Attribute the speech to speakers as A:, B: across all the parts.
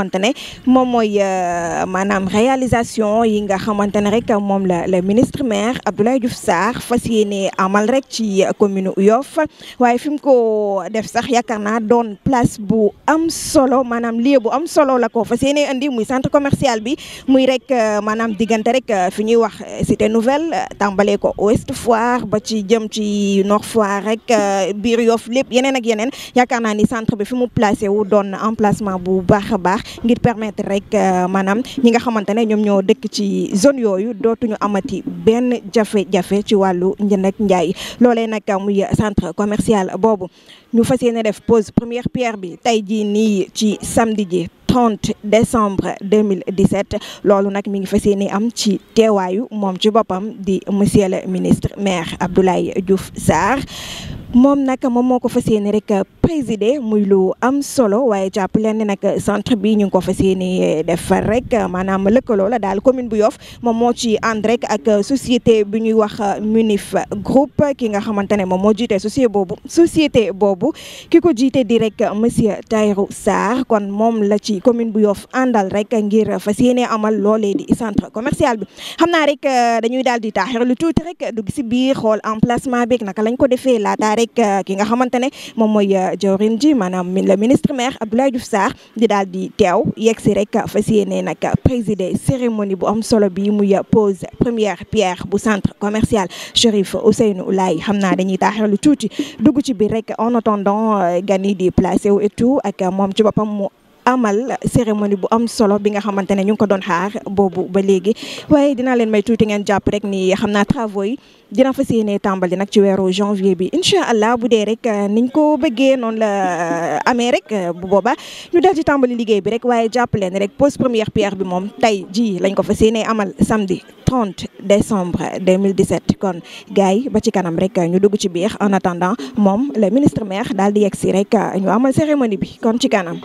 A: xamantene mom moy euh, manam réalisation yi nga xamantene rek mom la le ministre maire Abdoulaye Diouf Sarr fassiyene amal rek ci euh, commune Uyof waye fim ko def sax yakarna naa place bu am solo manam lieu bu am solo la ko fas andi muy centre commercial bi muy rek euh, manam digante rek fi ñuy wax cité nouvelle tambalé ko ouest foire ba ci jëm ci nord foire rek biir Yoff lepp yenen ak yenen yakarna ni centre bi fimu mu placé wu doon emplacement bu baax a baax ngir permettre rek euh, manam ñi nga xamante ne ñoo dëkk ci zone yoyu dootu ñu amati ben jafé jafé ci walu njënd ak njaay loolee nag muy centre commercial bobu ñu fassiyene def pose première pierre bi tey jii nii ci samedi ji 30 décembre 2017 loolu nak mi ngi fassiyene am ci téwayu mom ci bopam di monsieur le ministre maire Abdoulaye Diouf sar moom nag moom moo ko fas yéene rek euh, présider muy lu am solo waaye jàpp leen ne nag centre bi ñu ngi ko fas yéene euh, defar rek euh, maanaam lëkkaloo la daal commune bu yoof moom moo ci ànd rek ak société bu ñuy wax Munif groupe ki nga xamante ne moom moo jiite société boobu société boobu ki ko jiite di rek monsieur Tahirou Sarr kon moom la ci commune bu Yoff àndal rek ngir fas yéene amal loolee di centre commercial bi xam naa rek dañuy daal di taaxir tuuti rek dugg si biir xool emplacement beeg naka lañ ko defee rek euh, ki nga xamantene mom moy mooy euh, jawrin ji le ministre maire Abdoulaye Diouf Sarr di daal di teew yegg rek euh, fasiyene nak présider cérémonie bu am solo bi muy pose première pierre bu centre commercial Chérif Ousseynou Laye xamna naa dañuy taaxeelu touti dugg ci bi rek en attendant gani di placer et tout ak mom ci bopam mu amal cérémonie bu am solo bi nga xamantene ñu ko don xaar bobu ba légui waye dina len may touti ngeen japp rek ni xamna travaux yi di fas yéenee tàmbali nag ci wéro janvier bi inshallah allah bu dee rek euh, niñ ko bëggé non la euh, amee rek euh, bu boba ñu daal di tàmbali liggéey bi rek waye jàpp rek pose première pierre bi mom tay ji lañ ko fas amal samedi 30 décembre 2017 kon gars ba ci kanam rek ñu dugg ci biir en attendant mom le ministre maire daal di yegg rek ñu amal cérémonie bi kon ci kanam.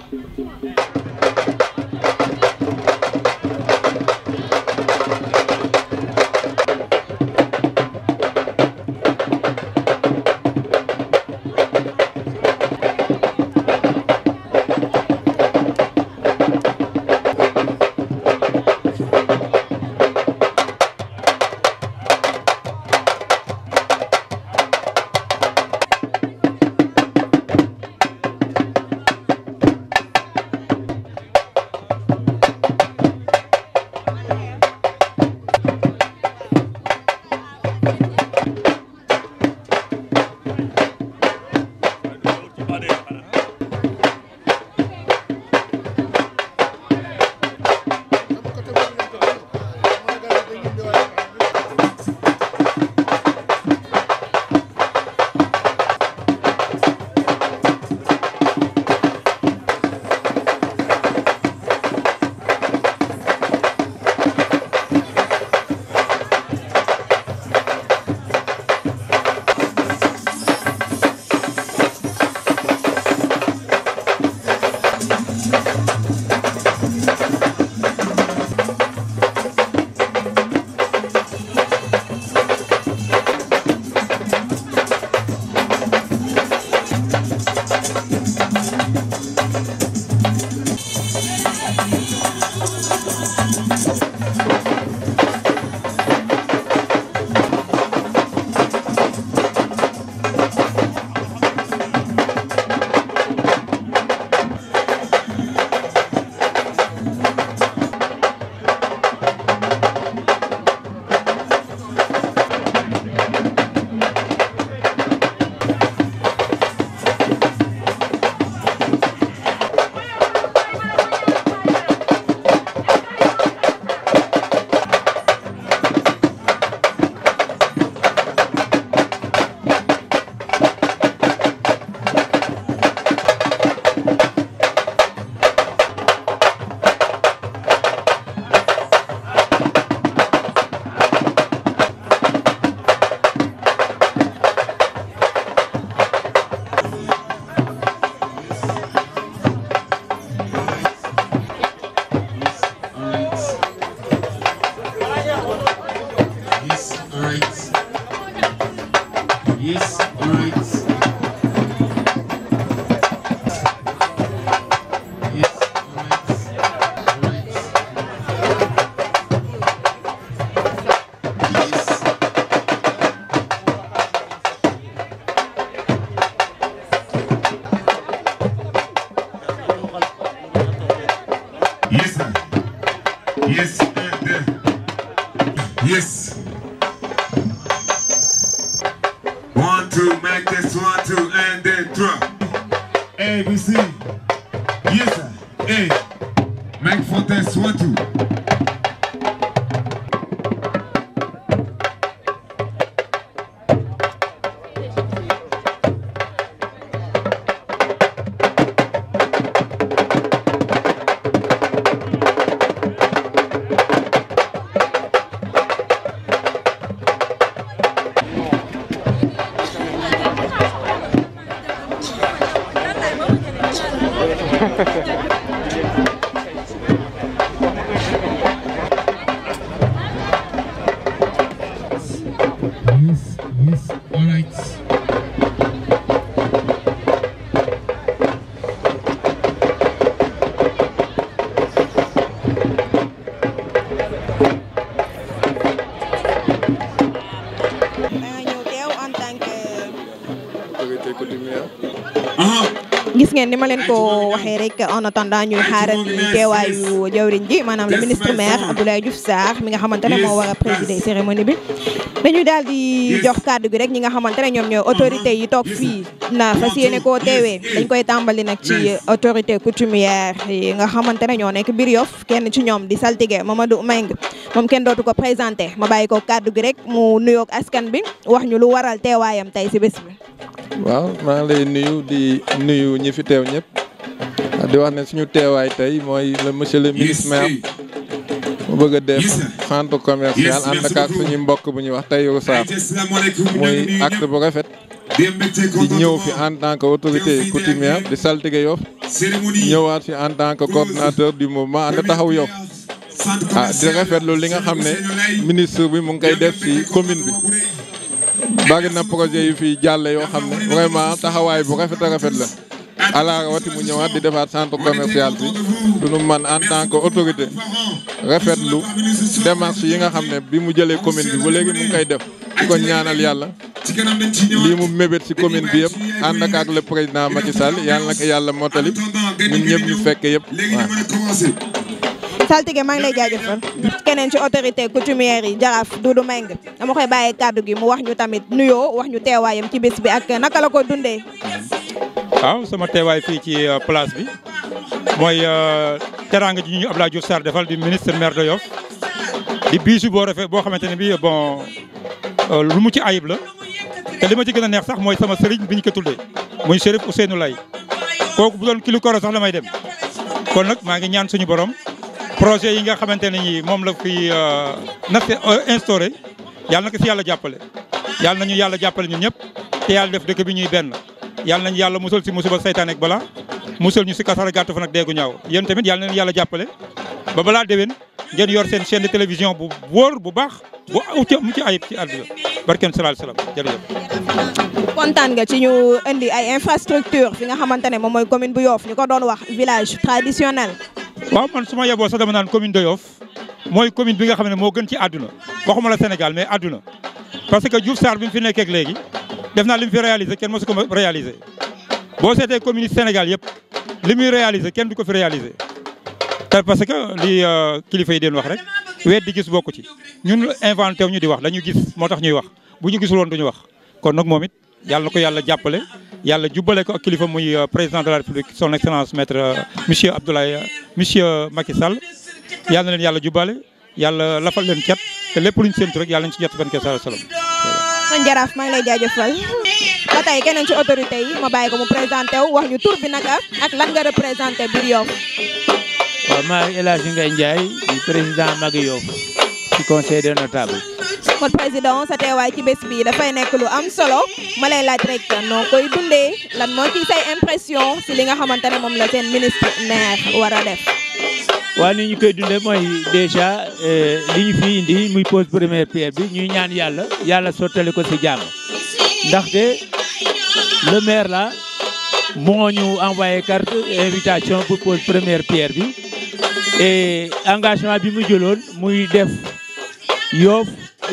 A: leen ni ma leen ko waxee rek en attendant ñuy xaarandi teewaayu jawriñ ji maanaam le ministre maire Abdoulaye Diouf Sarr mi nga xamante ne moo war président cérémonie bi dañu dal di jox kàddu bi rek ñi nga xamantene ñom ñoy mhm. autorité yi tok fi na fasiyene ko téwé dañ koy tambali nak ci autorité coutumière yi nga xamantene ño nek bir yof kenn ci ñom di saltigué Mamadou Meng mom kenn dootu ko présenté ma bayiko ko bi rek mu nuyo ak askan bi wax ñu lu waral téwayam tay ci bés bi.
B: waaw ma lay nuyu di nuyu ñi fi téw ñep di wax né suñu teewaay tay moy le monsieur le ministre bëgg a def centre
C: commercial ànd ak suñu mbokk bu ñuy wax Tahirou Sarr muy acte bu rafet di ñëw fi en tant que autorité coutumière di saltige Yoff ñëwaat fi en tant que coordinateur du mouvement ànd taxaw Yoff ah di rafetlu li nga xam ne ministre bi mu ngi koy def ci commune bi bari na projet yu fi jàlle yoo xam ne vraiment taxawaay bu rafet a rafet la ala wati mu ñëwaat di defaat centre commercial bi sunu man en tant que lu rafetlu démarche yi nga xam ne bi mu jëlee commune bi bu léegi mu ngi koy def di ko ñaanal yàlla lii mu mébét ci commune bi yëpp ànd ak ak le président Macky Sall yàlla nag yàlla mottali ñun ñëpp ñu fekk yëpp waaw
A: saltige maa ngi lay jaajëfal keneen ci autorité coutumière yi jaraaf Doudou Mbengue dama koy bàyyee kàddu gi mu wax ñu tamit nuyoo wax ñu teewaayam ci bés bi ak naka la ko dundee.
D: waaw sama teewaay fii ci euh, place bi mooy euh, teraanga ji ñu Abdoulaye Diouf Sarr defal di ministre maire de Yoff di biisu boo rafet boo xamante ne bi bon euh, lu mu ci ayib la te li ma ci gën a neex sax mooy sama sëriñ bi ñu ko tuddee muy u seenu Lay kooku bu doon kilo sax la may dem kon nag maa ngi ñaan suñu borom projet yi nga xamante ne ni moom la fi natt instauré yàlla na ko fi yàlla jàppale yàlla nañu yàlla jàppale ñun ñëpp te yàlla def dëkk bi ñuy benn yàlla nañu yàlla musal si musiba saytaan ak bala musal ñu si kasara gàtt fa nag deegu ñaaw yéen tamit yàlla jàppale ba balaa déwén ngeen yor seen chaîne de télévision bu wóor bu baax bu ci mu ci ayib ci àdduna barkeem salaal salaam jërëjëf.
A: kontaan nga ci ñu indi ay infrastructure fi nga xamante ne moom mooy commune bu Yoff ñu ko doon wax village traditionnel.
D: waaw man su ma yeboo sax dama naan commune de Yoff mooy commune bi nga xam ne moo gën ci àdduna waxuma la Sénégal mais àdduna parce que Diouf Sarr bi mu fi nekkeek léegi def réaliser, li réaliser réalisé Bon, ko réalisé bo Sénégal réalisé fi parce que li euh, kilifa yi den wax rek wéddi bokku ci ñun inventé ñu di wax Nous gis motax ñuy wax bu ñu gisul duñu wax kon ko euh, président de la république son excellence maître euh, monsieur Abdoulaye monsieur Macky Sall y a le lafal len te lepp luñu sentu rek yalla ci
A: Assane Jaraaf maa ngi lay jaajëfal ba tey keneen ci autorité yi ma bàyyi ko mu présenté wu wax ñu tur bi naka ak lan nga représenté biir Yoff.
E: waaw maa ngi El Hadj Ngaye Ndiaye di président Magu Yoff ci conseil des notables.
A: kon président sa teewaay ci bés bi dafay nekk lu am solo ma lay laaj rek noo koy dundee lan moo ci say impression si li nga xamante ne moom la seen ministre maire war a def.
E: waa ni ñu koy dundee mooy déjà euh, li ñu fi indi muy pose première pierre bi ñuy ñaan yàlla yàlla sottale ko ci jàmm ndaxte le maire là moo ñu envoyé carte invitation pour pose première pierre bi et engagement bi mu jëloon muy def yoof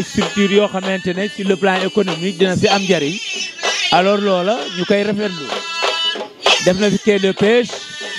E: structure yoo xamante ne sur le plan économique dina fi am njariñ alors loola ñu koy rafetlu def na fi quai pêche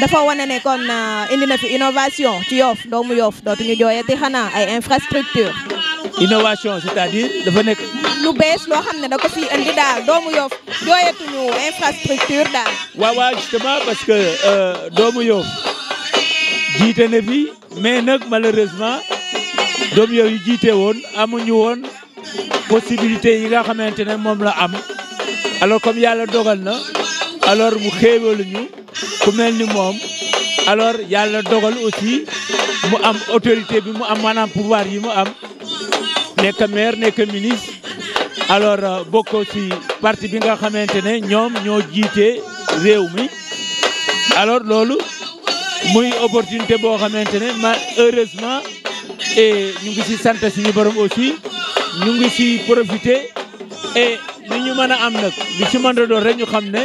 A: dafa wane ne kon uh, indi na fi innovation ci yof doomu yof dootu ñu dootuñu jooyati xana ay infrastructure
E: innovation c'est-à-dire dafa nek
A: lu bees lo xamne da ko fi indi dal doomu yof Yoff jooyatuñu infrastructure dal
E: wa wa justement parce que euh doomu yof jité na fi mais nak malheureusement doomu Yoff yu jiite woon amuñu won possibilité yi nga xamantene mom la am alors comme yalla dogal na alors mu xéewal ñu ku mel ni moom alors yàlla dogal aussi mu am autorité bi mu am maanaam pouvoir yi mu am nekk maire nekk ministre alors euh, bokk ci parti bi nga xamante ne ñoom ñoo jiite réew mi alors loolu muy opportunité boo xamante ne ma heureusement et ñu ngi ci sant suñu borom aussi ñu ngi ci profité et ni ñu mën a am nag li ci mën a doon rek ñu xam ne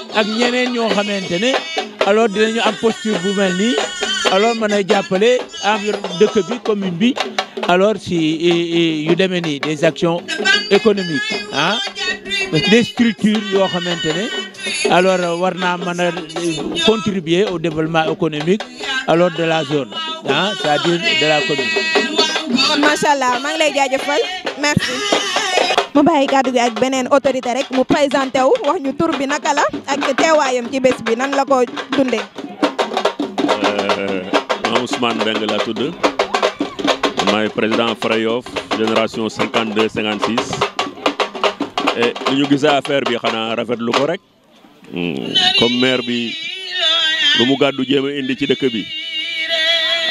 E: ak ñeneen ñoo maintenir alors dinañu am posture bu melni alors mën a jàppale environ dëkk bi commune bi alors si yu demee ni des actions économiques ah des structures yoo xamantene alors warna naa contribuer au développement économique alors de la zone hein c'est-à-dire de la commune.
A: Masha'Allah, macha merci. mu bàyyi kàddu gi ak beneen autorité rek mu présenté wu wax ñu tur bi naka la ak teewaayam ci bés bi nan la ko dundee.
F: Euh, maam Ousmane Mbengue laa tudd maay président Frayof génération 52 56 et li ñu gisee affaire bi xanaa rafetlu ko rek hmm, comme maire bi lu mu gàddu jéem a indi ci dëkk bi.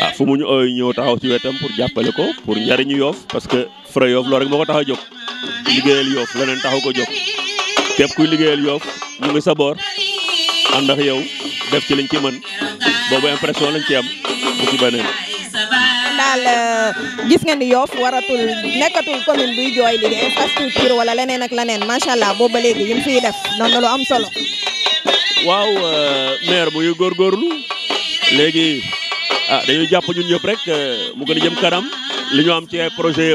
F: ah fu mu ñu oy taxaw ci wetam pour jàppale ko pour njariñu yoof parce que fra yoof loolu rek moo ko tax a jóg liggéeyal yoof ko jóg képp kuy liggéeyal yoof ñu ngi sa boor ànd ak yow def ci liñ ci mën boobu impression lañ ci am bu ci beneen
A: daal euh, gis nga ni yoof waratul nekkatul commune buy jooy li infrastructure wala ak allah yim def lu am solo
F: waaw euh, maire ah dañu japp ñun ñëpp rek eh, mu gëna jëm kanam li ñu am ci ay projet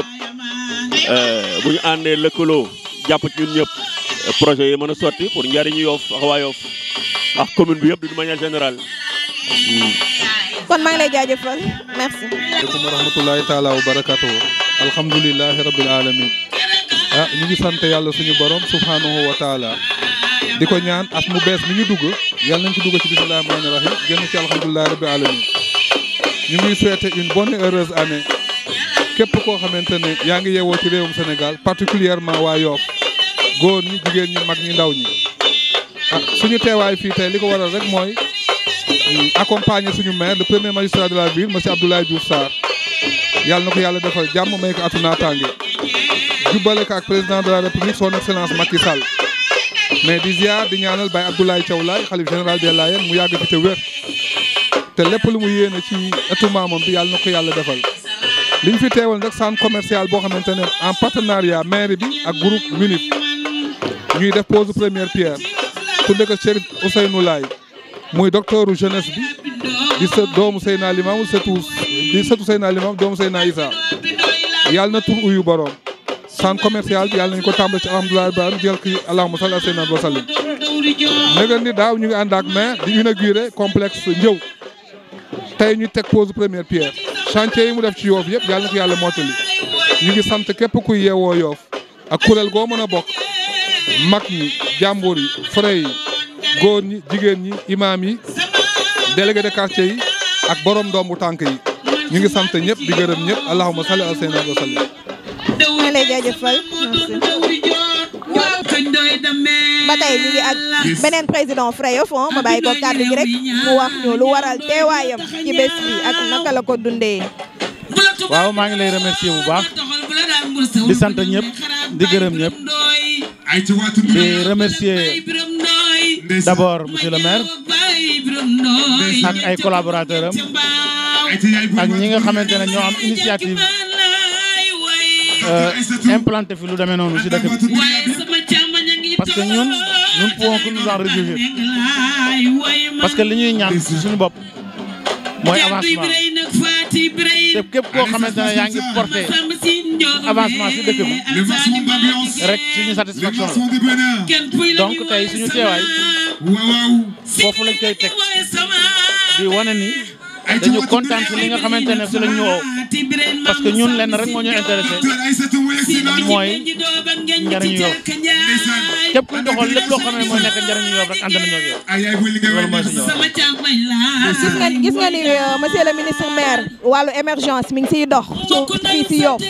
F: euh buñu andé le lekkolo japp ci ñun ñëpp projet yi mëna sorti pour ñari ñu yof ak wa yof ak commune bi yëpp du manière générale
A: kon ma ngi lay jaajëfal merci assalamu alaykum
F: rahmatullahi
G: taala wa barakatuh alhamdulillahi rabbil alamin ah ñu ngi sante yalla suñu borom subhanahu wa taala diko ñaan at mu bes ni ñu dugg yalla nañ ci dugg ci bismillahir rahmanir rahim gën ci alhamdulillahi rabbil alamin ñu ngi te une bonne et heureuse année képp koo xamante ne yaa ngi yeewoo ci réewum Sénégal particulièrement waa Yoff góor ñi jigéen ñi mag ñi ndaw ñi ah suñu teewaay fii tey li ko waral rek mooy mm, accompagner suñu maire le premier magistrat de la ville monsieur Abdoulaye Diouf Sarr yàlla na ko yàlla defal jàmm may ko atu naataange jubbale ko ak président de la république son excellence Macky Sall mais di ziar di ñaanal Baye Abdoulaye Thiaw Laye xalif général des Layènes mu yàgg te lépp lu mu yéene ci ëttu maamam bi yàlla na ko yàlla defal li ñu fi teewal nag centre commercial boo xamante ne en partenariat mairie bi ak groupe MUNIF ñuy def pose première pierre tudde ko Chérif Ousseynou Laye muy docteuru jeunesse bi di sa doomu Seydina Limaamu sëtu di sëtu Seydina Limaamu doomu Seydina Issa yàlla na tur yu boroom centre commercial bi yàlla nañu ko tàmbali ci alhamdulilah ibrahim jël ki allahumma salli ala sayyidina wa sallim nëgën ni daaw ñu ngi ànd ak maire di inauguré complexe njëw tey ñu teg pose première pierre chantier yi mu def ci yoof yëpp yàlla na ko yàlla mottali ñu ngi sant képp kuy yeewoo yoof ak kuréel goo mën a bokk mag ñi jàmbur yi frais yi góor ñi jigéen ñi imaam yi délégué de quartier yi ak borom bu tànk yi ñu ngi sant ñëpp di gërëm ñëpp allahumma salli ala sayyidina wa sallim.
A: ñu ba tey ak beneen président Freyov ma bàyyi ko kàddu gi rek mu wax ñu lu waral teewaayam ci bés ak naka la ko dundee.
H: waaw maa ngi lay remercier bu baax di sant ñëpp di gërëm ñëpp di remercier d'abord monsieur le maire ak ay collaborateurs am ak ñi nga xamante ne ñoo am initiative euh, implanté fi lu demee noonu ci dëkk bi. parce que ñun nous ne pouvons que nous en parce que li ñuy ñaan suñu bopp mooy avancement te képp koo xamante yaa ngi porté avancement si dëkk bi rek suñu satisfaction donc tey suñu teewaay foofu lañ koy teg di wane ni. dañu kontaan si li nga xamante ne si lañ ñu woo parce que ñun lenn rek moo ñu intéressé mooy njariñu Yoff képp kuy doxal lépp loo xam ne mooy nekk njariñu Yoff rek ànd nañoo ak yow loolu mooy suñu gis
A: nga gis nga ni euh, monsieur le ministre maire wàllu mi ngi siy dox fii si Yoff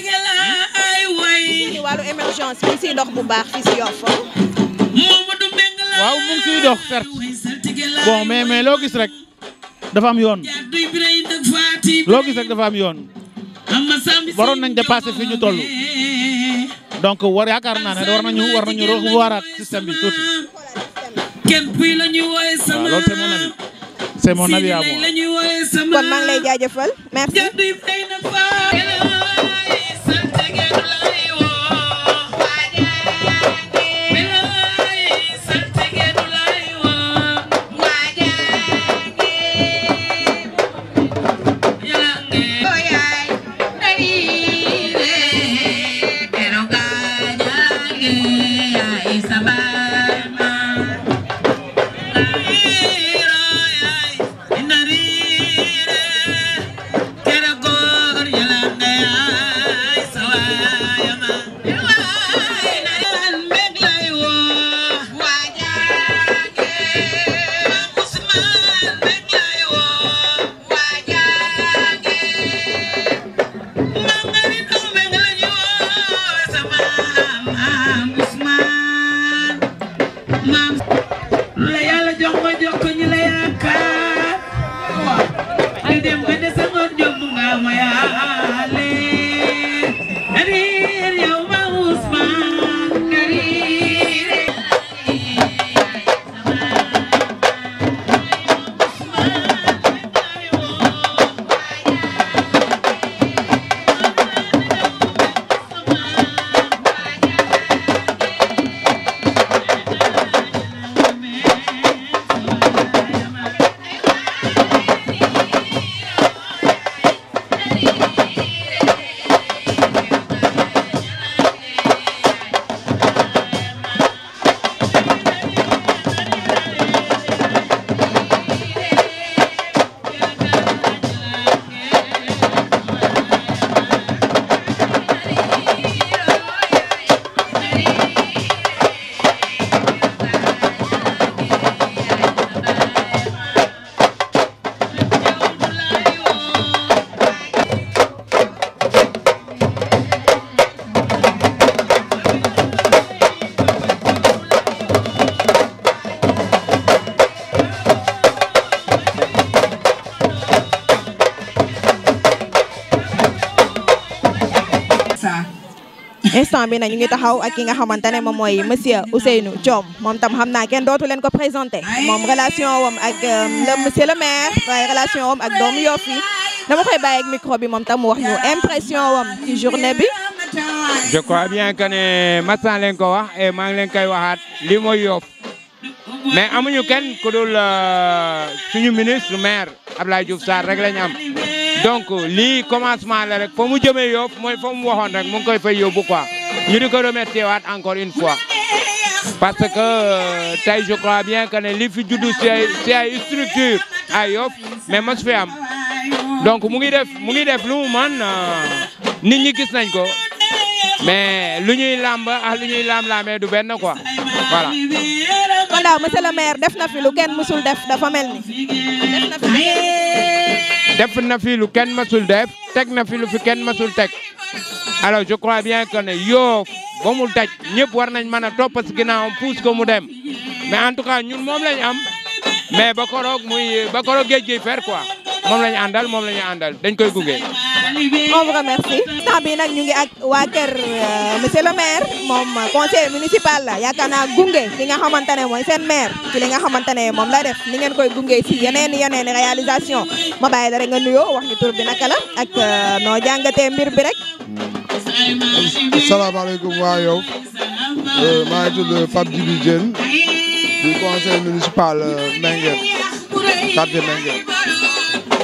A: ni wàllu émergence bu baax fii si Yoff waaw mu ngi mais loo
H: gis rek dafa am yoon loo gis dafa am yoon waroon nañ dépassé fi ñu donc war yaakaar naa ne war nañu war nañu revoiraat système bi tuuti
A: waaw loolu c'est mon avis c'est mon avis à moi kon maa ngi lay jaajëfal merci instant bi nag ñu ngi taxaw ak ki nga xamante ne moom mooy monsieur Ousseynou Diom moom tam xam naa kenn dootu leen ko présenté moom relation wam ak le monsieur le maire waaye relation wam ak doomu Yoff yi dama koy bàyyi ak micro bi moom tam mu wax ñu impression wam ci journée bi. je
I: crois bien que eh, ne eh, Massan leen ko wax et maa ngi leen koy waxaat lii mooy Yoff mais amuñu kenn ku dul suñu ministre maire Abdoulaye Diouf Sarr rek lañ am. donc lii commencement la rek fa mu jëmee Yoff mooy fa mu waxoon rek mu ngi koy fay yóbbu quoi ñu di ko remercier waat encore une fois parce que euh, tey je crois bien que ne li fi juddu ci ay ci ay structure ay Yoff mais mas fi am donc mu ngi def mu ngi def lu man euh, nit ñi gis nañ ko mais lu ñuy làmb ak lu ñuy laam-laamee du benn quoi voilà
A: kon daaw monsieur le maire def na fi lu kenn musul def dafa mel def na fi lu kenn masul def teg na fi fi
I: kenn masul teg alors je crois bien que ne Yoff ba mu ñëpp war nañ mën a topp si ginnaawam puus ko mu dem mais en tout cas ñun moom lañ am mais ba koroog muy ba koroog géej gi fer quoi moom la ñu àndal moom la ñu dañ koy gunge.
A: on vous remercie. nag ñu ngi ak waa kër euh, monsieur le maire moom conseil municipal la yaakaar naa gunge ki nga xamante ne mooy seen maire li nga xamante ne moom la def ni ngeen koy gunge si yeneen yeneen réalisation ma bàyyi la rek nga nuyoo wax ñu tur bi naka la ak euh, noo jàngatee mbir bi rek. salaamaaleykum waa yow euh, maa ngi
J: tudd Pape Djibi Diène du conseil municipal Menguer quartier Menguer.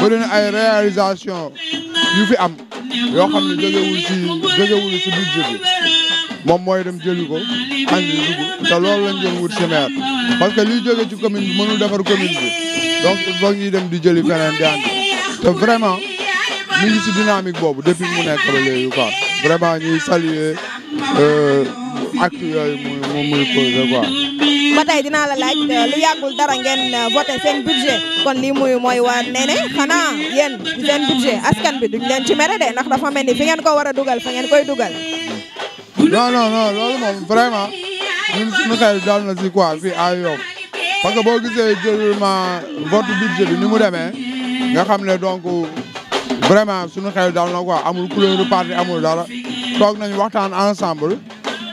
J: bëri na ay réalisation yu fi am yoo xam ne jógewul si jógewul si budget bi moom mooy dem jëli ko andi dugg te loolu lañ doon wut si maire parce que liy jóge ci commune bi mënul defar commune bi donc il faut ñuy dem di jëli feneen di andi te vraiment mi ngi si dynamique boobu depuis mu nekk ba léegi quoi vraiment ñuy saluer euh, acte yooyu muy muy posé quoi.
A: ba tey dinaa la laaj euh, lu yàggul dara ngeen euh, voté seen budget kon lii muy mooy waa Néné xanaa yéen seen budget askan bi duñ leen ci mere de ndax dafa mel ni fi ngeen ko war a dogal fa ngeen koy dugal. non non loolu
J: moom vraiment ñun suñu xel daal na si quoi fii ay yow parce que boo gisee jëluma vote budget bi ni mu demee nga xam ne donc vraiment suñu xel daal na quoi amul couleur parti amul dara toog nañu waxtaan ensemble.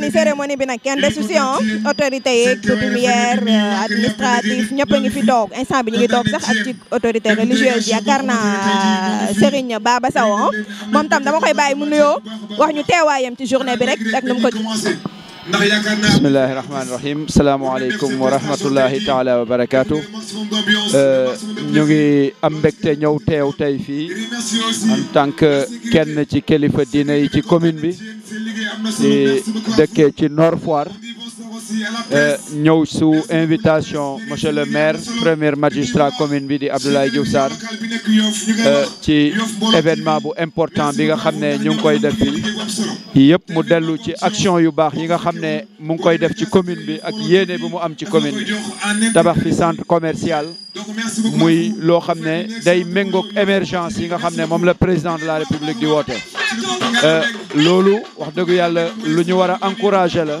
A: ni cérémonie bi nag kenn desu si ah, autorité yeeg coutumière administrative ñëpp a fi toog instant bi ñu ngi toog sax ak ci autorité religieuse yi yaakaar naa Serigne Baba Sow ah. moom tam dama koy bàyyi mu nuyoo wax ñu teewaayam ci journée bi rek ak nu mu ko
K: ndax yaakaar naa bismillahi rahmaani rahim taala wa barakaatu euh, ñu ngi am mbégte ñëw teew tey fii en tant kenn ci kilifa diine ci commune bi di dëkkee ci Nord Foire Euh, ñëw su invitation monsieur le maire premier magistrat commune bi di Abdoulaye Diouf Sarr euh, ci événement bu important bi nga xam ne ñu ngi koy def fii yëpp mu dellu ci action yu baax yi nga xam ne mu ngi koy def ci commune bi ak yéene bi mu am ci commune tabax fi centre commercial muy loo xam ne day méngoog émergence yi nga xam ne moom la président de la république di woote euh, loolu wax dëgg yàlla lu ñu war a encourager la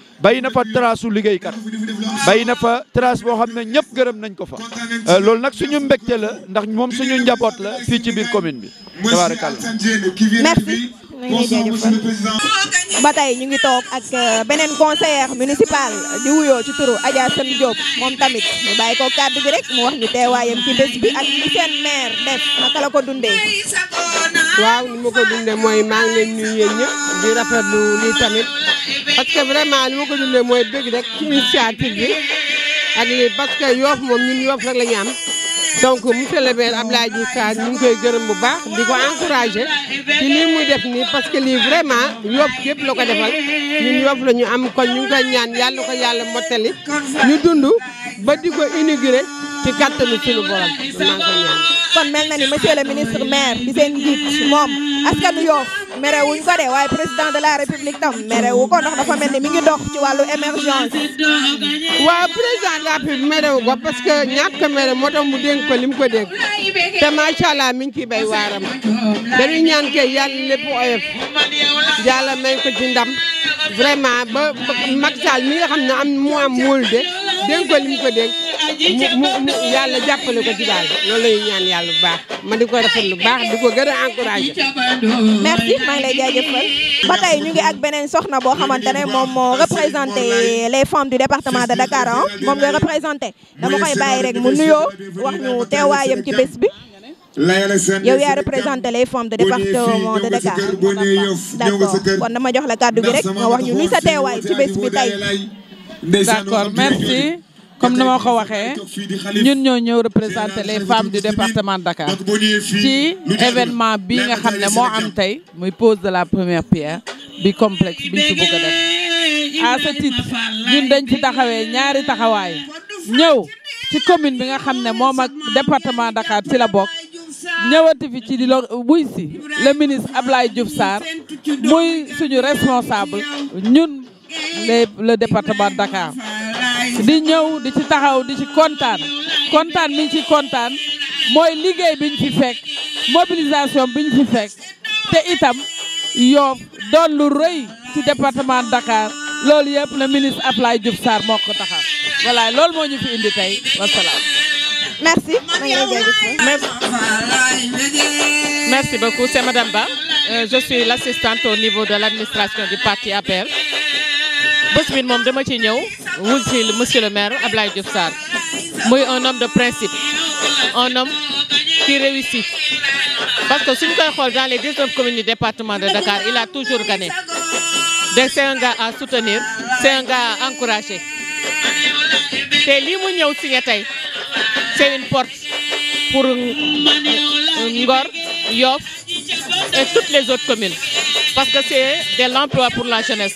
K: bàyyi na fa trace su liggéeykat bàyyi na fa trace boo xam ne ñëpp gërëm nañ ko fa euh, loolu nag suñu mbégte la ndax moom suñu njaboot la fii ci biir commune bi tabaarakàlla
G: merci
A: ba tey ñu ngi toog ak euh, beneen conseillère municipal di wuyoo ci turu Adja Sën Diop moom tamit ñu bàyyi ko kàddu gi rek mu wax ñu teewaayam ci bés bi ak li seen maire def naka la ko dundee. waaw ni ma ko dundee mooy maa ngi leen nuyu yéen ñëpp di rafetlu
I: lii tamit. parce que vraiment li ma ko dundee mooy bëgg rek ci initiative bi ak lii parce que yoof moom ñun yoof rek ñu am donc monsieur le maire Abdoulaye Diouf Sarr ñu koy gërëm bu baax di ko encouragé ci lii muy def nii parce que lii vraiment yoof yëpp la ko defal ñun yoof la am kon ñu koy ñaan yàlla ko yàlla mottali ñu dund
A: ba di ko inauguré ci kàttanu suñu borom kon mel na ni monsieur le ministre maire di seen njiit moom askanu yo mere wuñ ko de waaye président de la république tam mere wu ko ndax dafa mel ni mi ngi dox ci wàllu émergence. waaw président de
I: la république mere wu ko parce que ñàkk mere moo tax mu dénk ko li mu ko dénk te macha allah mi ngi ciy bay waaram dañu ñaan kay yàlla lépp oyof yàlla may ko ci ndam vraiment ba Macky Sall mi nga xam ne am mu am wóolu de dénk ko li mu ko dénk. mu yàlla jàppale ko ci daal loolu lay ñaan yàlla bu baax ma di ko rafet lu baax di ko gën a encouragé. merci maa ngi
A: lay jaajëfal. ba tey ñu ngi ak beneen soxna boo xamante moom moo représenté les femmes du département de Dakar ah moom nga représenté dama koy bàyyi rek mu nuyoo wax ñu teewaayam ci bés
L: yow yaa représenté
A: les femmes de département de Dakar d'accord kon dama jox la kàddu bi rek nga wax ñu luy sa teewaay ci bés bi tey.
H: comme nous ma ko nous ñun ñoo représenter les femmes du département de Dakar ci événement bi nga xam ne am muy pose de la première pierre bi complexe bi ci bëgg
E: def
H: à ce titre ñun dañ ci taxawee ñaari taxawaay ñëw ci commune bi nga xam ne moom ak département Dakar ci la bokk Nous fi ci di lo le ministre Ablaye Diouf Sarr muy suñu responsable ñun le département Dakar di ñëw di ci taxaw di ci Moi, ligue bi mobilisation bi fait. fi te itam Yoff donne le roi ci département Dakar loolu le ministre appelait Diouf Sar kota. voilà l'homme mo ñu
M: fi indi merci. merci beaucoup c'est madame Ba euh, je suis l'assistante au niveau de l'administration du parti APR. Je suis le maire un homme de principe un homme qui réussit parce que si koy xool dans les 19 communes du département de Dakar il a toujours gagné c'est un gars à soutenir c'est un gars à encourager C'est lui mu c'est une porte pour Ngor Yoff et toutes les autres communes parce que c'est de l'emploi pour la jeunesse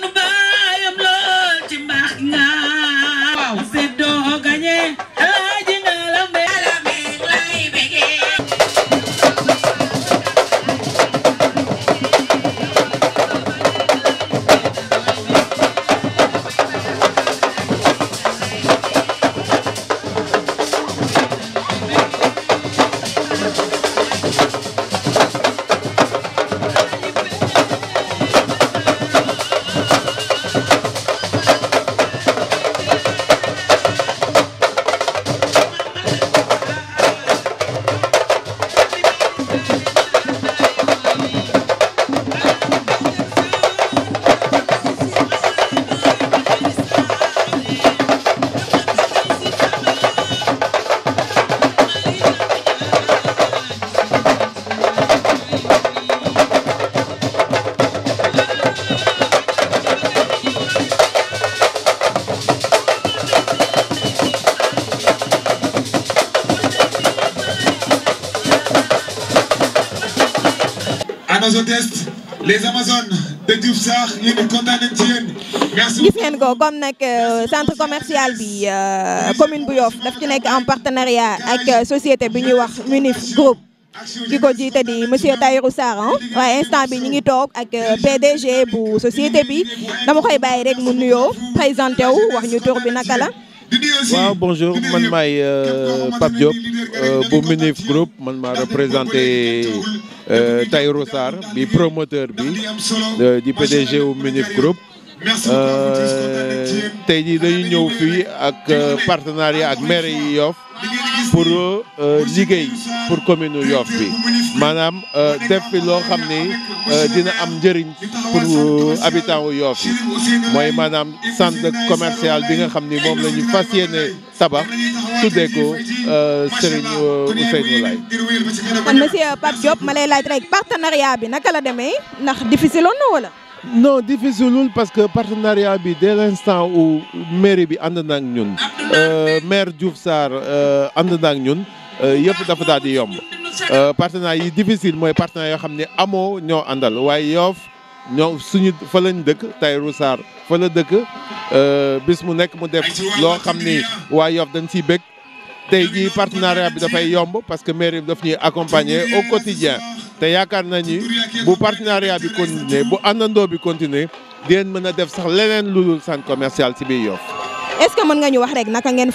M: no.
N: les amazones de Diouf Sarr yéen it
L: merci beaucoup.
A: ngeen comme le euh, centre commercial bi euh, commune bu Yoff daf ci en partenariat la euh, société bi ñuy wax Munif Group. ki ko jiite di monsieur Tahirou Sarr à hein? instant bi ñu ngi le ak PDG bu société bi dama koy bàyyi rek mu nuyoo présenté wu wax ñu tur bi la.
O: bonjour man maay Pape Diop bu Munif Group, man maa représenté. Eh, Tahirou Rosar, bi promoteur bi di PDG wu Munif Group euh, tey jii dañu ñëw fii ak euh, partenariat ak maire yi Yoff euh, pour liggéey pour commune Yoff bi maanaam euh, def fi loo xam ni euh, dina am njëriñ pour habitants wu Yoff mooy maanaam sant commercial bi nga xam ni moom la ñu fas yéene tabax tuddee ko euh, Serigne Ousseynou Laye.
A: kon monsieur Pape Diop ma lay laaj rek partenariat bi naka la demee ndax difficile woon na wala. non difficile parce que partenariat bi de
O: l'instant où mairie bi ànd na ak ñun maire Diouf Sarr ànd na ak ñun yëpp dafa daal di yomb. Euh, partenariat difficile moy partenaires yo xam amo ño andal. way yof suñu fa lañ dëkk fa la dëkk euh, bis mu nek mu def lo way yof dañ ci partenariat bi fay yomb parce que mairie accompagner au quotidien te yaakaar nañu bu partenariat bi continuer bu andando bi continuer di mëna def sax leneen commercial
A: est-ce que vous avez ñu wax de naka ngeen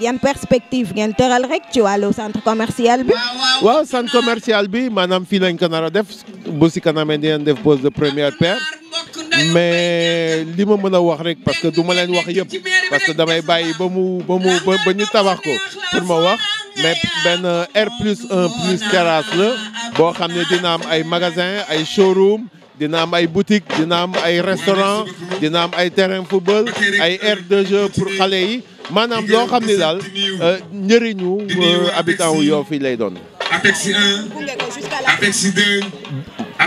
A: une perspective ngeen rek centre commercial Oui,
O: au centre commercial bi lañ ko de première paire. mais li ma parce que du parce que je suis ba mu ba mu ba ñu pour mais R plus 1 plus terrasse magasin showroom dina am ay boutique dina am ay restaurant dina am ay terrain football ay aire de jeu pour xalé yi manam lo xamni dal daal habitants euh, euh, habitant wu lay don
N: APEXI 1
O: APEXI 2.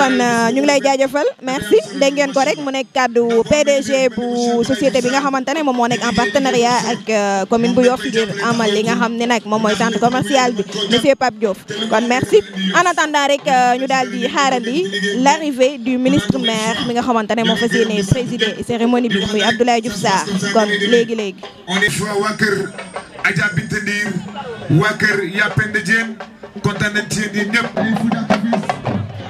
A: kon euh, ñu ngi lay jaajëfal merci dégg ngeen ko rek mu nekk kàddu PDG bu société bi nga xamante ne moom moo nekk en partenariat ak euh, commune bu Yoff ngir amal li nga xam ne nag moom mooy centre commercial bi monsieur Pape Diouf kon merci en attendant rek euh, ñu daal di xaarandi l'arrivée du ministre maire mi nga xamante ne moo fas yéene présider cérémonie bi muy Abdoulaye Diouf Sarr kon léegi léegi. on waa kër Adja
N: Binta Ndir waa kër Yapende Diène kontaan nañ ci yéen ñëpp.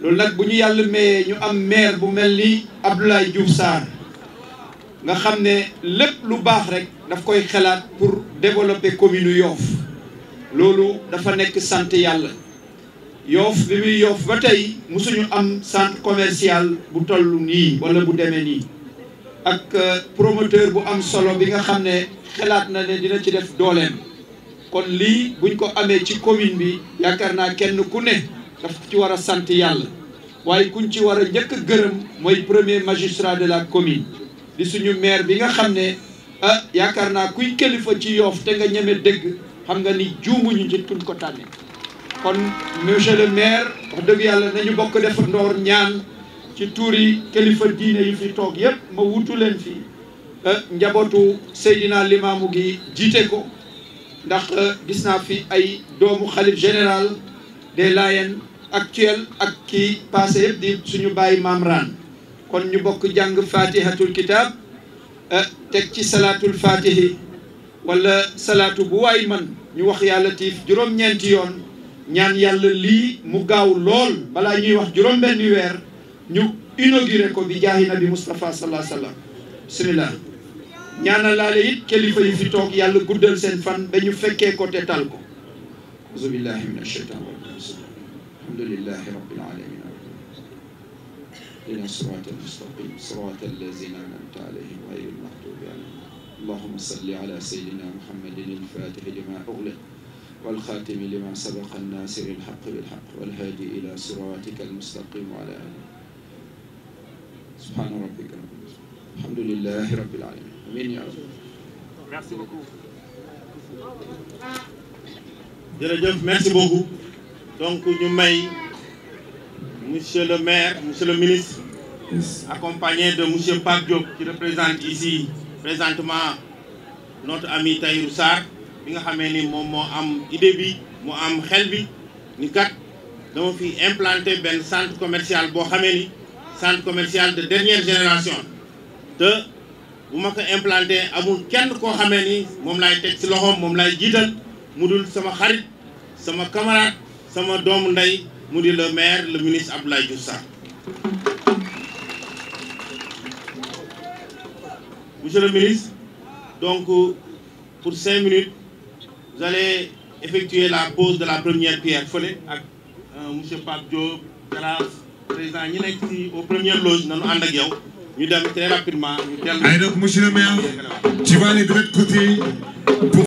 K: loolu nag bu ñu yàlla mayee ñu am maire bu mel ni Abdoulaye Diouf Sarr nga xam ne lépp lu baax rek daf koy xalaat pour développer commune yoof loolu dafa nekk sant yàlla Yoff bi muy Yoff ba tey mosuñu am sant commercial bu toll nii wala bu demee nii ak euh, promoteur bu am solo bi nga xam ne xalaat na ne dina ci def dooleem kon lii buñ ko amee ci commune bi yaakaar naa kenn ku ne daf ci war a sant yàlla waaye kuñ ci war a njëkk gërëm mooy premier magistrat de la commune di suñu maire bi nga xam ne ah yaakaar naa kuy kilifa ci yoof te nga ñeme dëgg xam nga ni juumuñu ci kuñ ko tànne kon monsieur le maire wax dëgg yàlla ñu bokk def ndoor ñaan ci tuuri kilifa diine yi fi toog yépp ma wutu leen fi ah, njabootu Seydina Limaamu gi jiite ko ndax ah, gis naa fi ay doomu xalif général des Layènes actuel ak ki passé yeb di suñu mamran kon ñu bokk jang fatihatul kitab eh, tek ci salatul fatihi wala salatu bu way man ñu wax ya latif juróom ñent yoon ñaan yalla li mu gaaw lool bala ñuy wax juróom-benn wer ñu inaugurer ko bi jahi nabi sallallahu alaihi sallam bismillah ñaanalale yit kelifa yi fi tok yalla guddal sen fan ba ñu ko te ko أعوذ بالله من الشيطان الرجيم الحمد لله رب العالمين إلى صراط المستقيم صراط الذين أنعمت عليهم غير المغضوب عليهم اللهم صل على سيدنا محمد الفاتح لما أغلق والخاتم لما سبق الناصر الحق بالحق والهادي إلى صراطك المستقيم وعلى آله سبحان ربك رب
P: الحمد لله رب العالمين
K: آمين يا رب Merci beaucoup.
P: jërëjëf merci beaucoup donc ñu may monsieur le maire monsieur le ministre accompagné de monsieur Pape Diop qui représente ici présentement notre ami Tahirou Sar bi nga xamé ni mom mo am idée bi moo am xel bi ni kat dama fi implanté ben centre commercial bo xamé ni centre commercial de dernière génération te bu mako ko implanté amul kenn ko xamé ni mom lay teg ci loxom mom lay mu sama xarit sama camarade sama doomu ndey mu le maire le ministre Abdoulaye Diouf monsieur le ministre donc pour 5 minutes vous allez effectuer la pose de la première pierre fële ak euh, monsieur Pape Diop Galaas président ñi au ci aux premières loges nañu ànd ak yow ñu très rapidement ñu donc monsieur le maire tu vas aller de l'autre côté pour.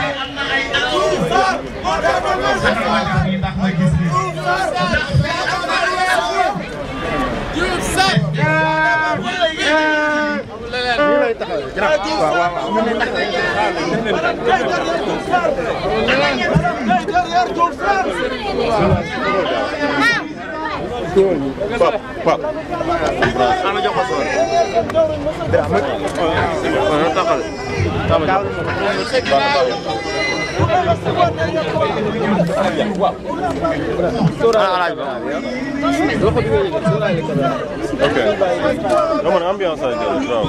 Q: Pap,
G: pap.
H: Okay.
M: I'm
F: an ambiance like that as well.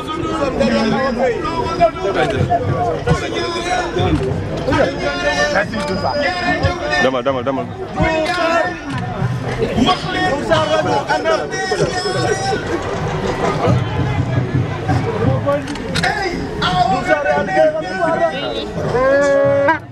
D: Demal, demal, demal.
Q: Hey, I want to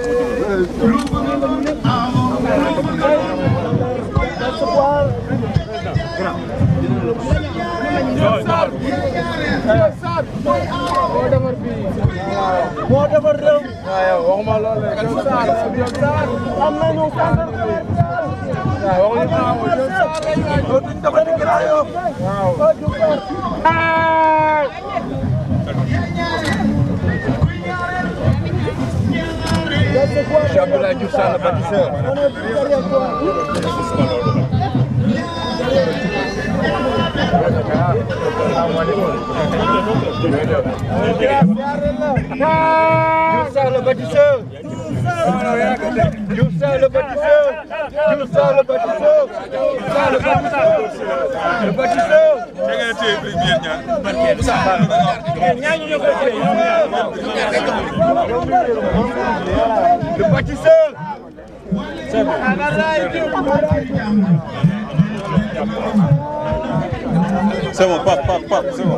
Q: moo defar réew. waaw
H: waxuma loolu rek. yow Sarr yow Sarr. am nañu sant. waaw waxuñu ko. yow duñ
Q: defar di gën a yomb. waaw. Abdoulaye bâtisseur. bâtisseur. bâtisseur.
N: Le bâtisseur.
H: C'est bon,
M: pape, pape, pape, c'est bon.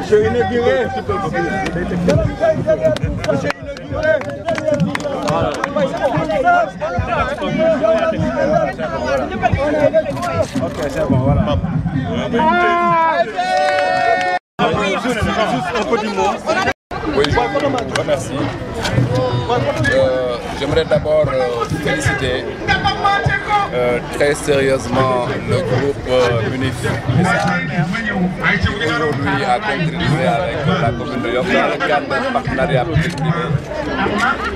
L: Monsieur Inauguré, s'il te plaît. Monsieur Inauguré. Ok,
I: c'est bon, voilà.
M: Euh,
B: j'aimerais d'abord euh, féliciter euh, très sérieusement le groupe euh,
N: aujourd'hui
B: a contribué avec euh, la commune de avec le partenariat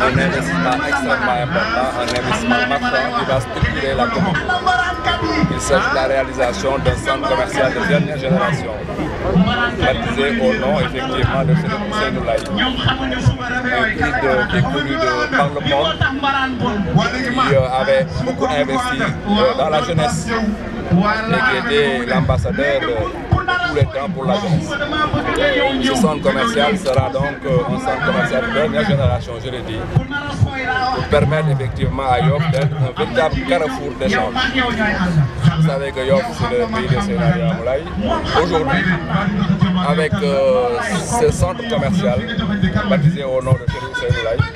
B: Un investissement extrêmement important, un investissement qui va structurer la
H: commune. Il s'agit de
B: la réalisation d'un centre commercial de dernière génération, baptisé au nom effectivement de ce Laï. qui est de, par
N: le monde, qui euh,
B: avait beaucoup investi euh, dans la jeunesse
H: et
B: qui était l'ambassadeur tous les temps pour l'agence.
H: Ce
B: centre commercial sera donc euh, un centre commercial de dernière génération, je l'ai dit,
H: pour
B: permettre effectivement à York d'être un véritable carrefour d'échange. Vous savez que Yop, c'est le pays de Sénat Moulaye. Aujourd'hui, avec euh, ce centre commercial baptisé au nom de Sénat Moulay,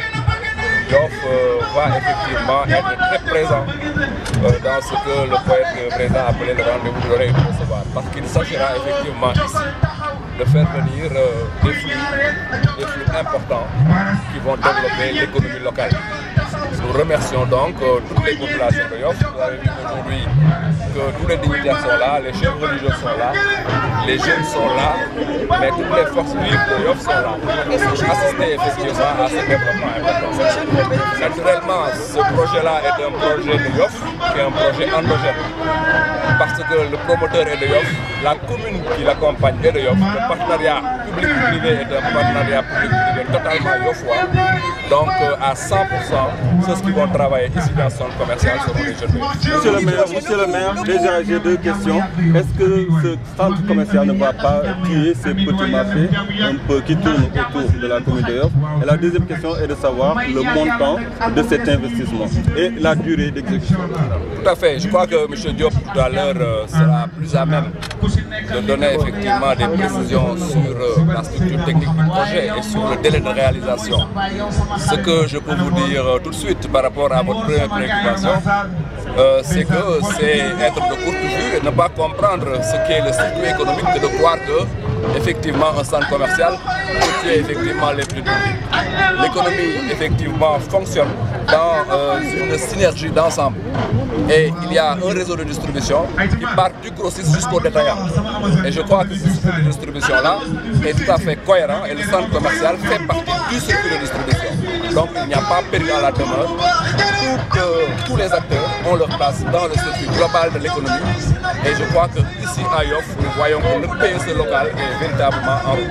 B: L'offre euh, va effectivement être très présent
N: euh,
B: dans ce que le poète a appelé le rendez-vous de l'oreille pour savoir Parce qu'il s'agira effectivement ici de faire venir euh, des flux, des flux importants qui vont développer l'économie locale. Nous remercions donc euh, toutes les populations de Yoff. Vous avez vu aujourd'hui que tous les dignitaires sont là, les chefs religieux sont là, les jeunes sont là, mais toutes les forces vives de Yoff sont là. pour Assister effectivement à ce
Q: développement
B: Naturellement, ce projet-là est un projet de Yoff, qui est un projet endogène. Parce que le promoteur est de Yoff, la commune qui l'accompagne est de Yoff, le partenariat public-privé est un partenariat public-privé totalement Yoffois. Donc euh, à 100%, ce qui vont travailler ici dans le centre commercial sur les jeunes Monsieur, le maire, monsieur le maire, déjà j'ai deux questions.
F: Est-ce que ce centre commercial ne va pas tuer ces petits marchés un peu qui tournent autour de la commune Et la deuxième question est de savoir
D: le montant de cet investissement et la durée d'exécution. Tout à fait. Je
B: crois que M. Diop tout à l'heure euh, sera plus à même de donner effectivement des précisions sur euh, la structure technique du projet et sur le délai de réalisation. Ce que je peux vous dire euh, tout de par rapport à votre première préoccupation, euh, c'est que c'est être de courte vue et ne pas comprendre ce qu'est le circuit économique que de croire que effectivement un centre commercial effectivement les plus L'économie effectivement fonctionne dans euh, une synergie d'ensemble. Et il y a un réseau de distribution qui part du grossiste jusqu'au détaillant. Et je crois que ce circuit de distribution-là est tout à fait cohérent et le centre commercial fait partie du circuit de distribution. Donc il n'y a pas péril à la demeure. Tout, euh, tous les acteurs ont leur place dans le circuit global de l'économie. Et je crois que ici à Yoff, nous voyons que le PS e local est
I: véritablement en route.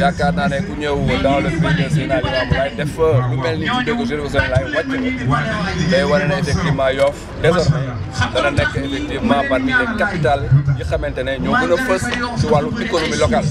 B: yaakaar naa ne ku ñëw dans le fil de Seydina Limamou Laye def euh, lu mel ni ci dëgg Jérusalem laay wàcc day wane ne effectivement Yoff désormais dana nekk effectivement parmi les capitales yi xamante ne ñoo gën fës si wàllu économie locale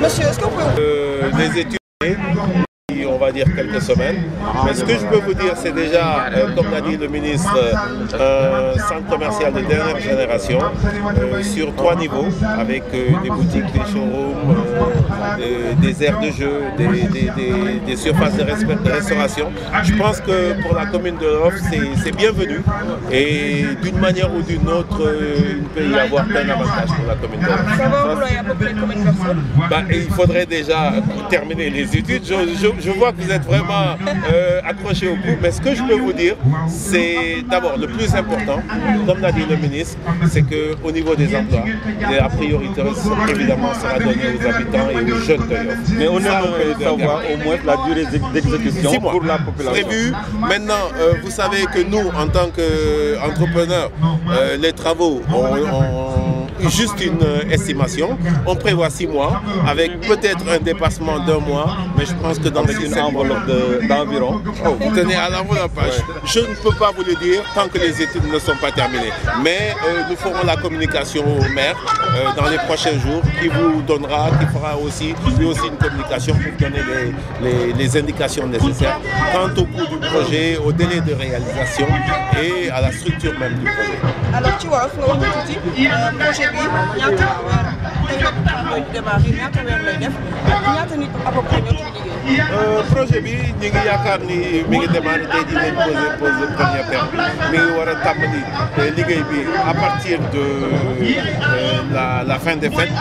G: Monsieur, est-ce que vous pouvez...
O: Euh, des études euh, on va dire, quelques semaines. Mais ce que je peux vous dire, c'est déjà, euh, comme l'a dit le ministre, un euh, centre commercial de dernière génération
N: euh,
O: sur trois niveaux, avec des boutiques, des showrooms, des aires de jeu, des, surfaces de, restauration. Je pense que pour la commune de Lof, c'est bienvenu. Et d'une manière ou d'une autre, il peut y avoir plein d'avantages pour la commune de
K: Lof.
O: Bah, il faudrait déjà terminer les études. je je vois que vous êtes vraiment accrochés euh, accroché au coup, mais ce que je peux vous dire, c'est d'abord le plus important, comme l'a dit le ministre, c'est qu'au niveau des emplois, la priorité évidemment sera donnée aux habitants et aux jeunes d'ailleurs. Mais on aimerait savoir au moins la durée d'exécution pour la population. Maintenant, euh, vous savez que nous, en tant qu'entrepreneurs, euh, les travaux, ont juste une euh, estimation. On prévoit six mois, avec peut-être un dépassement d'un mois, mais je pense que dans les une enveloppe d'environ. Oh, vous tenez à la page. Hein. Je ne peux pas vous le dire tant que les études ne sont pas terminées. Mais euh, nous ferons la communication au maire euh, dans les prochains jours, qui vous donnera, qui fera aussi, aussi une communication pour donner les, indications nécessaires quant au coût du projet, au délai de réalisation et à la structure même du projet.
A: Alors tu vois, projet bi ñaata ñaata débat bi ñaata
H: weer lay def Euh, projet bi ñi ngi yaakaar ni
O: mi ngi démarré tey jii lañ posé posé première pierre bi mi ngi war a tàmbali euh, liggéey bi à de euh, la la fin des fêtes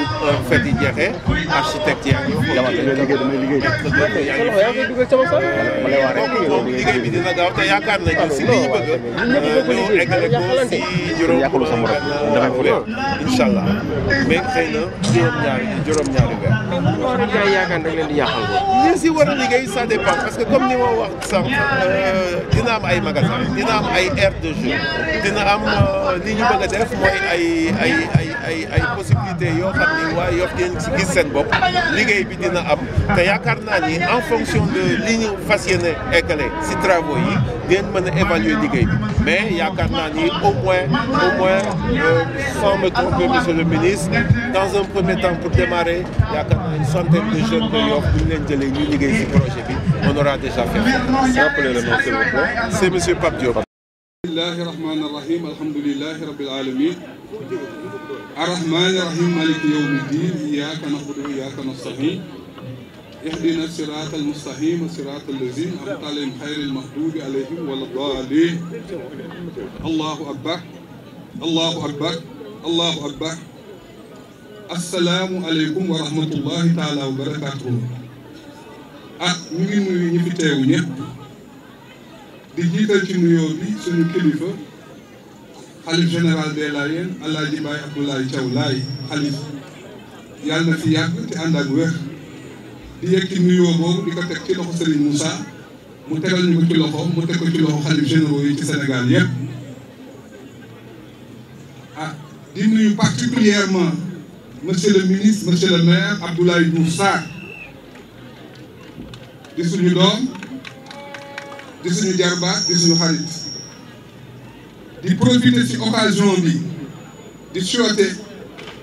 O: fête yi jeexee architecte yaa ngi fi. jamono liggéey damay liggéey. bi dina gaaw te yaakaar nañu si li ñu bëgg ñoo eggale ko si juróom-benn incha allah mais xëy na juróom-ñaari juróom-ñaari weer. Pour a ça dépend parce que comme ni ma wax sànq euh, dina am ay magasin dina ay de jeu dina am euh, ñu bëgg def ay ay ay ay ay possibilité yo xam ni yo gën ci si gis seen bopp liggéey bi dina am te yaakaar naa ni en fonction de li ñu fas yéene eggale travaux yi gën mën évaluer liguey bi mais yaakaar naa ni au moins au moins
N: euh, sans me tromper monsieur
O: le ministre dans un premier temps pour démarrer yaakaar naa une centaine de jeunes de Yoff bu ñu leen jëlee ñu liguey ci projet bi on aura déjà fait. rappelez le nom s'il vous c'est monsieur Pape Diop.
G: bismillahi rahmani rahim alhamdulilahi rabbil alamin الرحمن الرحيم مالك يوم الدين إياك نعبد وإياك نستعين اهدنا الصراط المستقيم صراط الذين أنعمت عليهم غير المغضوب عليهم ولا الضالين الله أكبر الله أكبر الله أكبر السلام عليكم ورحمة الله تعالى وبركاته barakatuhu ah ñu ngi nuyu ñi fi teewu ñëpp di jiital ci nuyoo bi suñu kilifa Khalif général des Layène Alaaji Baye, Abdoulaye Thiaw Khalif, xalif yàlla fi yag te ànd ak di yegg ci nuyoo boobu di ko ci loxo Serigne Moussa mu tegal ñu ci loxo mu tek ko ci loxo Khalif général yi ci Sénégal yépp ah di nuyu particulièrement monsieur le ministre monsieur le maire Abdoulaye Moussa di suñu doom di suñu jarba di suñu xarit de profiter ci occasion bi souhaiter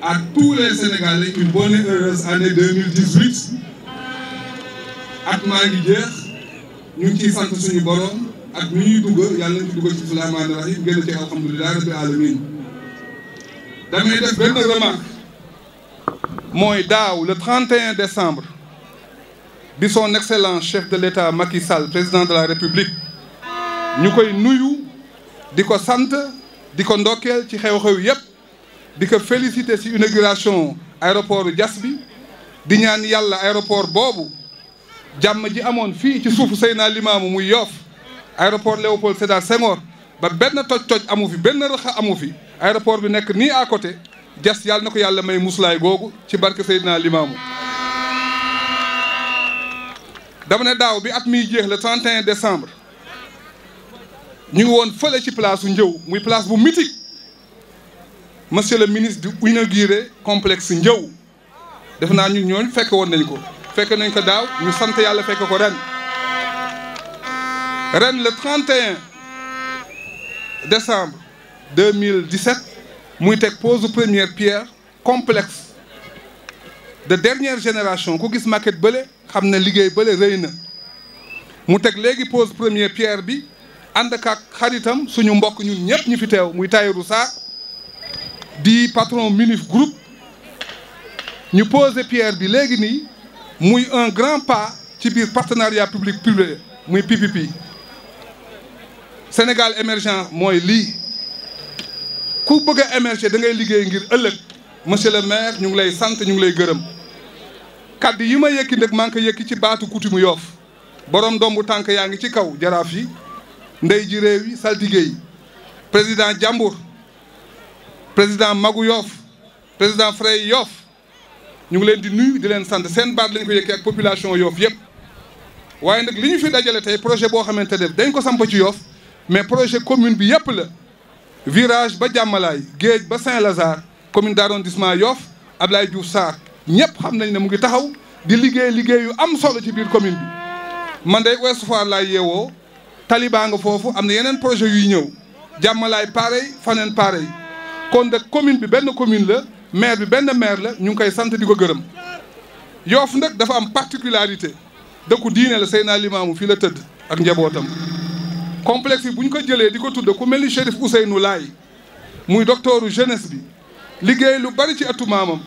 G: à tous les Sénégalais une bonne et heureuse année 2018 at maa ngi jeex ñu tous qui sant suñu borom ak mi ñuy dugg yàlla nañu ci dugg ci rahmaani rabbil alamin damay def benn remarque mooy daaw le 31 décembre son excellent chef de l'État, Macky Sall président de la république nous nous nuyu diko sante diko ndokel ci xew-xew yeb ci inauguration aéroport Jasbi di ñaan yalla aéroport bobu jàmm ji amone fi ci Seydina Limam muy aéroport Léopold Sédar Senghor ba benn toj-toj amu fi benn amu fi aéroport bi à côté jas yàlla na ko yàlla may muslaay googu ci barke Seydina bi at mi jeex le 31 décembre nous avons fait fële place une place mythique monsieur le ministre di inauguré complexe Njëw Nous avons ñu ñooñ fekk nañ ko fekk nañ ko le 31 décembre 2017 avons posé la première pierre complexe de dernière génération ku gis maquette la première pierre ànd ak xaritam suñu mbokk ñu ñëpp ñu fi teew muy Tahirou Sarr di patron Munif Group ñu posé pierre bi léegi nii muy un grand pas ci biir partenariat public privé muy PPP Sénégal émergent mooy lii ku bëgg a émerger da ngay liggéey ngir ëllëg monsieur le maire ñu ngi lay sant ñu ngi lay gërëm kaddu yi ma yëkki nag maa ngi yëkki ci baatu kuti mu yoof borom dombu tànk yaa ngi ci kaw jaraaf yi ndey ji réew président Jambour président Magou Yoff président Frey Yoff ñu ngi leen di de di leen sant seen baat lañ ko yëkkee ak population Yoff yëpp waaye nag li fi projet boo xamante ne dañ ko mais projet commune bi yëpp la virage ba jàmmalaay géej ba lazare commune d'arrondissement Yoff Ablaye Diouf Nyep, ñëpp xam nañ ne mu ngi taxaw di liggéey am solo ci biir commune bi man day Ouest Foire yéwo. talibaa nga foofu am na yeneen projet yuy ñëw jàmmalaay pareil faneen pareil kon nag commune bi benn commune la maire bi benn maire la ñu ngi koy sant di ko gërëm yoof nag dafa am particularité dëkku diine la naa Limaamu fii la tëdd ak njabootam complexe bi bu ñu ko jëlee di ko tudd ku mel ni Chérif nu laay muy docteuru jeunesse bi liggéey lu bari ci atu maamam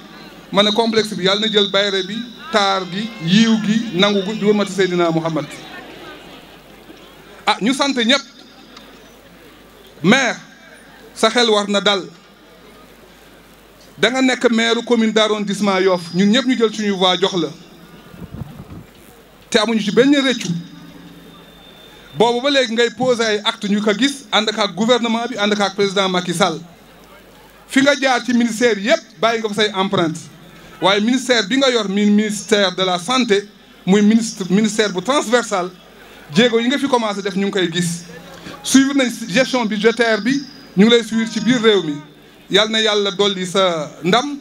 G: ma ne complexe bi yàlla na jël bayre bi taar gi yiiw gi nangu gi di wërmati Seydina Mouhamad ah ñu sante ñëpp maire sa xel war na dal da nga nekk maire commune d'arrondissement yoof ñun ñëpp ñu jël suñuy voix jox la te amuñu ci benn rëccu boobu ba léegi ngay posé ay acte ñu ko gis ànd ak gouvernement bi ànd ak président Macky Sall fi nga jaar ci ministère yëpp bàyyi nga fa say empreinte waaye ministère bi nga yor mi ministère de la santé muy ministre ministère bu transversal Diego, yi nga fi commencé def ñu ngi suivre nañ gestion budgétaire bi ñu ngi lay suivre ci biir réew mi na sa ndam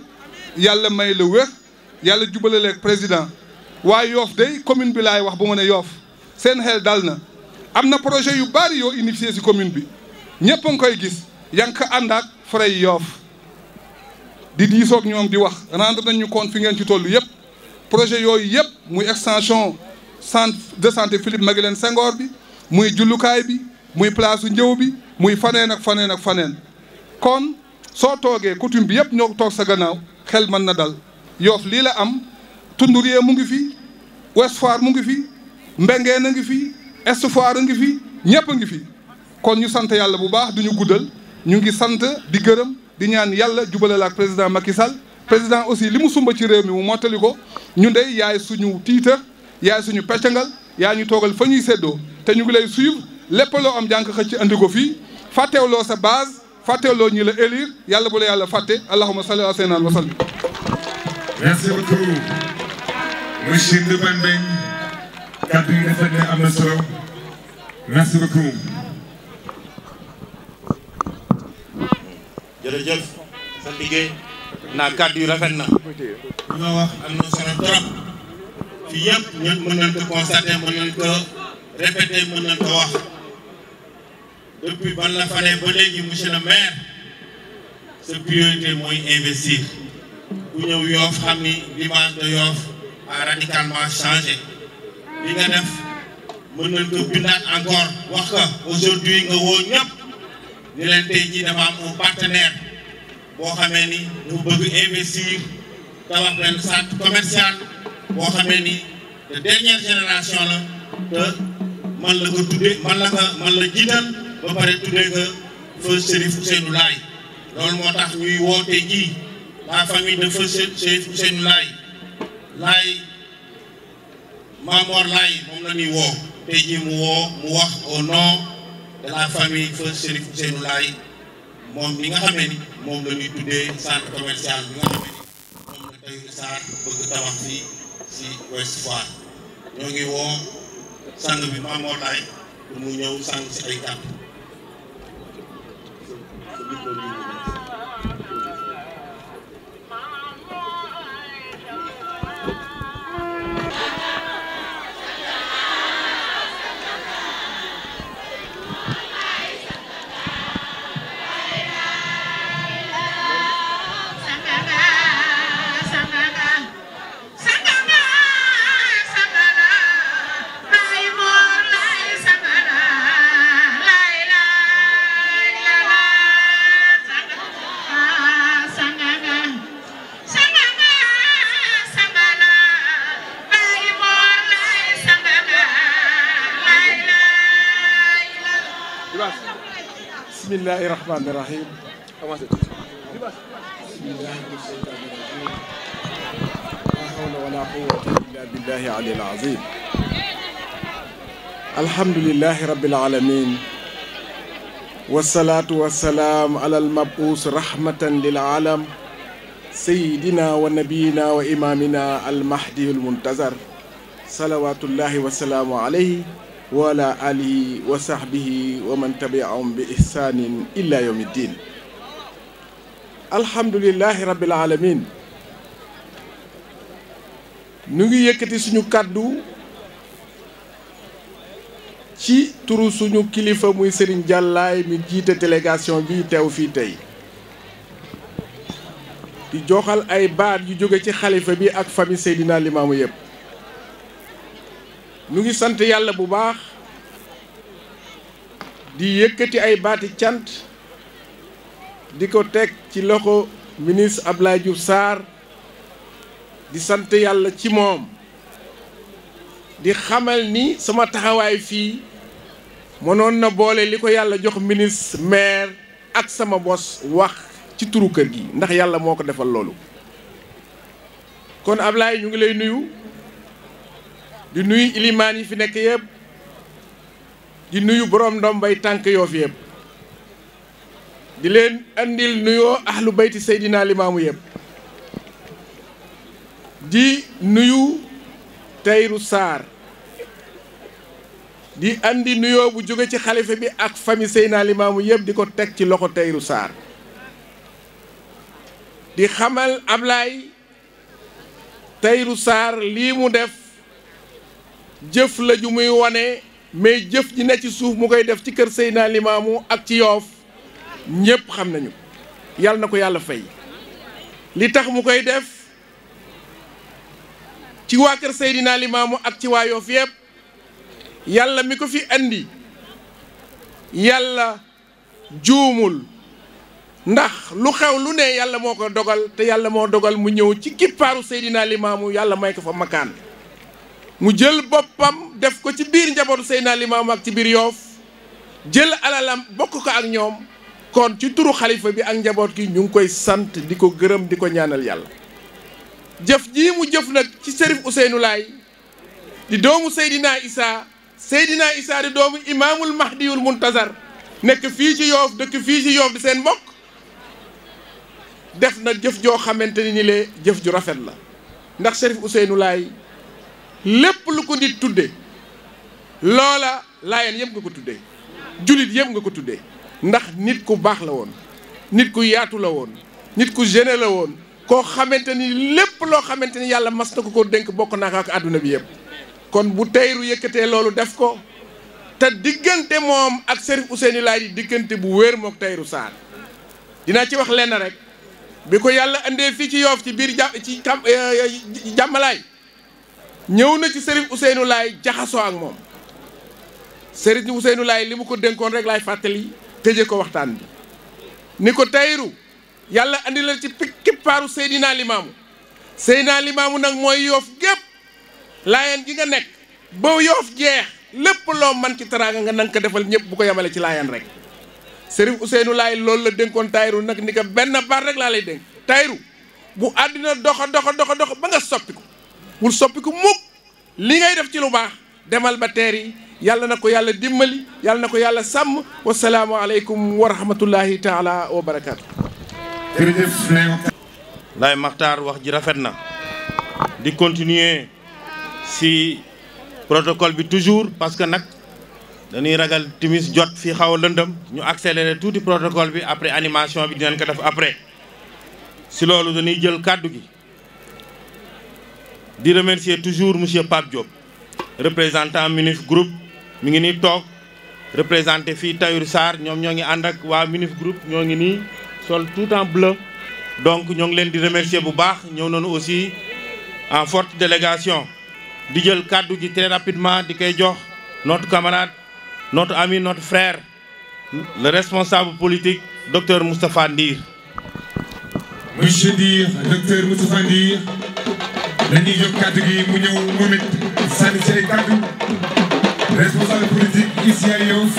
G: vous may le président Vous yoof day commune bi laay wax bu projet yu bari initié commune bi a yanka koy gis yaa ngi di ñoom di rendre projet extension sant de santé Philippe Maguilène sengoor bi muy jullukaay bi muy place su njëw bi muy faneen ak faneen ak faneen kon soo toogee coutume bi yëpp ñoo toog sa gannaaw xel mën na dal Yoff lii la am Tunduriye mu ngi fi Ouest Foire mu ngi fi Mbengeen a ngi fi Est Foire a ngi fi ñëpp a ngi fi kon ñu sant yàlla bu baax duñu guddal ñu ngi sant di gërëm di ñaan yàlla jubalal ak président Macky Sall président aussi li mu sumba ci réew mi mu mottali ko ñu ndey yaay suñu tiita yaay suñu peccangal yaa ñu toogal fa ñuy seddoo te ñu ngi lay léppaloo am jànq xëcc ci ko fii fàttewloo sa baas fàttewloo ñi la élire yàlla bu la yàlla fàtte allahuma salli ala sayyidina
P: bi liggéey naa rafet na fii yëpp ñun mën nañ ko constater mën nañ ko répéter mën nañ ko wax depuis ban la falee ba léegi monsieur le maire sa priorité mooy investir ku ñëw yoof xam ni l'image yoof a radicalement changé li nga def mën nañ ko bindaat encore wax ko aujourd'hui nga woo ñëpp ni leen tey jii dafa am un partenaire boo xamee ni mu bëgg investir tabax benn commercial boo xamee ni de dernière génération la te man la ko tuddee man la ko man la jiital ba pare tuddee ko feu Chérif Ousseynou Laye loolu moo tax ñuy ji la famille de feu Chérif Ousseynou Laye Laye Mamor moom la ñuy woo tey jii mu mu wax au nom de la famille feu Chérif Ousseynou Laye moom mi nga xamee ni moom la ñuy tuddee centre commercial bi nga xamee ni moom la tey Sarr bëgg tabax fii si Ouest Foire ñoo ngi woo sang bi Mamour Laye pour mu ñëw sang si
C: الله الرحمن الرحيم بسم
H: الله الرحمن الرحيم لا
C: حول ولا قوة إلا بالله علي العظيم الحمد لله رب العالمين والصلاة والسلام على المبعوث رحمة للعالم سيدنا ونبينا وإمامنا المهدي المنتظر صلوات الله وسلامه عليه وعلى علي وصحبه ومن تبعهم بإحسان إلى يوم الدين الحمد لله رب العالمين نغي يكتي سنو كادو تي ترو سنو كليفة موي سرين جالاي مي جيتة تلقاسيون بي تاو في تاي تي جوخال اي بار يجوغي تي خليفة بي اك فامي سيدنا لما مو ñu ngi sant yàlla bu baax di yëkkati ay baati cant di ko teg ci loxo ministre Abdoulaye Diouf di sant yàlla ci moom di xamal ni sama taxawaay fii mënoon na boole li ko yàlla jox ministre maire ak sama bos wax ci turu kër gi ndax yàlla moo ko defal loolu kon Ablaye ñu ngi lay nuyu di nuyu ilimaan yi fi nekk yëpp di nuyu borom ndombay tànk yoo fi yëpp di leen andil nuyoo ahlu bayti Seydina Limaamu yëpp di nuyu Tayru Saar di andi nuyoo bu jóge ci xalifa bi ak famille Seydina Limaamu yëpp di ko teg ci loxo Tayru Saar di xamal Ablaay Tayru Saar lii mu def jëf la ju muy wane mais jëf ji ne ci suuf mu koy def ci kër Seydina Limaamu ak ci yoof ñépp xam nañu yàlla na ko yàlla fay li tax mu koy def ci waa kër Seydina Limaamu ak ci waa yoof yépp yàlla mi ko fi andi yàlla juumul ndax lu xew lu ne yàlla moo ko dogal te yàlla moo dogal mu ñëw ci kippaaru Seydina Limaamu yàlla may ko fa makaan mu jël boppam def ko ci biir njabootu Seydina Limaamu ak ci biir yoof jël alalam bokk ko ak ñoom kon ci turu xalifa bi ak njaboot gi ñu ngi koy sant di ko gërëm di ko ñaanal yàlla jëf ji mu jëf nag ci Serif Ousseynou Laay di doomu Seydina Issa Seydina Issa di doomu imaamul mahdiyul muntazar nekk fii ci yoof dëkk fii ci yoof di seen mbokk def na jëf joo xamante ni ni jëf ju rafet la ndax sërif Ousseynou Laay lépp lu ko nit tudde loola laayeen yëpp nga ko tuddee julit yëpp nga ko tuddee ndax nit ku baax la woon nit ku yaatu la woon nit ku géné la woon koo xamante ni lépp loo xamante ni yàlla mas na ko ko dénk bokk naa ko ak àdduna bi yëpp kon bu tayru yëkkatee loolu def ko te diggante moom ak Serif Ousseynou Laye di diggante bu wéer moo tayru saar dinaa ci wax lenn rek bi ko yàlla indee fii ci yoof ci biir ja ci euh, jàmmalaay ñëw na ci Serigne Ousseynou lay jaxaso ak mom Serigne Ousseynou lay limu ko denkon rek lay fatali teje ko waxtan bi ni ko tayru yalla andi la ci paru sayidina limam sayidina limam nak moy yof gep layen gi nga usai nulai yof jeex tairu lo man ci teraanga nga nanga ko defal ñep bu ko yamale ci layen rek Serigne Ousseynou lay lol la denkon tayru nak ni ko rek la lay denk tayru bu adina doxa doxa doxa doxa ba nga soppi ko mukk li ngay def ci lu baax demal ba teeri yàlla na ko yàlla dimbali yàlla na ko yàlla sàmm wasalaamu alaykum wa rahmatullahi taala wa barakaatu
P: lay Maxtaar wax ji rafet di continuer si protocole bi toujours parce que nag dañuy ragal timis jot fi xaw a lëndëm ñu accélérer tuuti protocole bi après animation bi dinañ ko def après si loolu dañuy jël kàddu gi Je remercie toujours M. Pape Diop représentant MINUF Group. mi ngi représentant Fita représenté fii Group, Sarr ñoom tout en bleu. donc nous ngi leen di remercier aussi en forte délégation Je remercie très rapidement notre camarade notre ami notre frère le responsable politique docteur Moustapha Ndir. Monsieur Ndir docteur Moustapha Ndir. dañuy jóg kàddu gi
G: mu
N: ñëw moom it sànni ci ay kàddu responsable politique ici à Yoff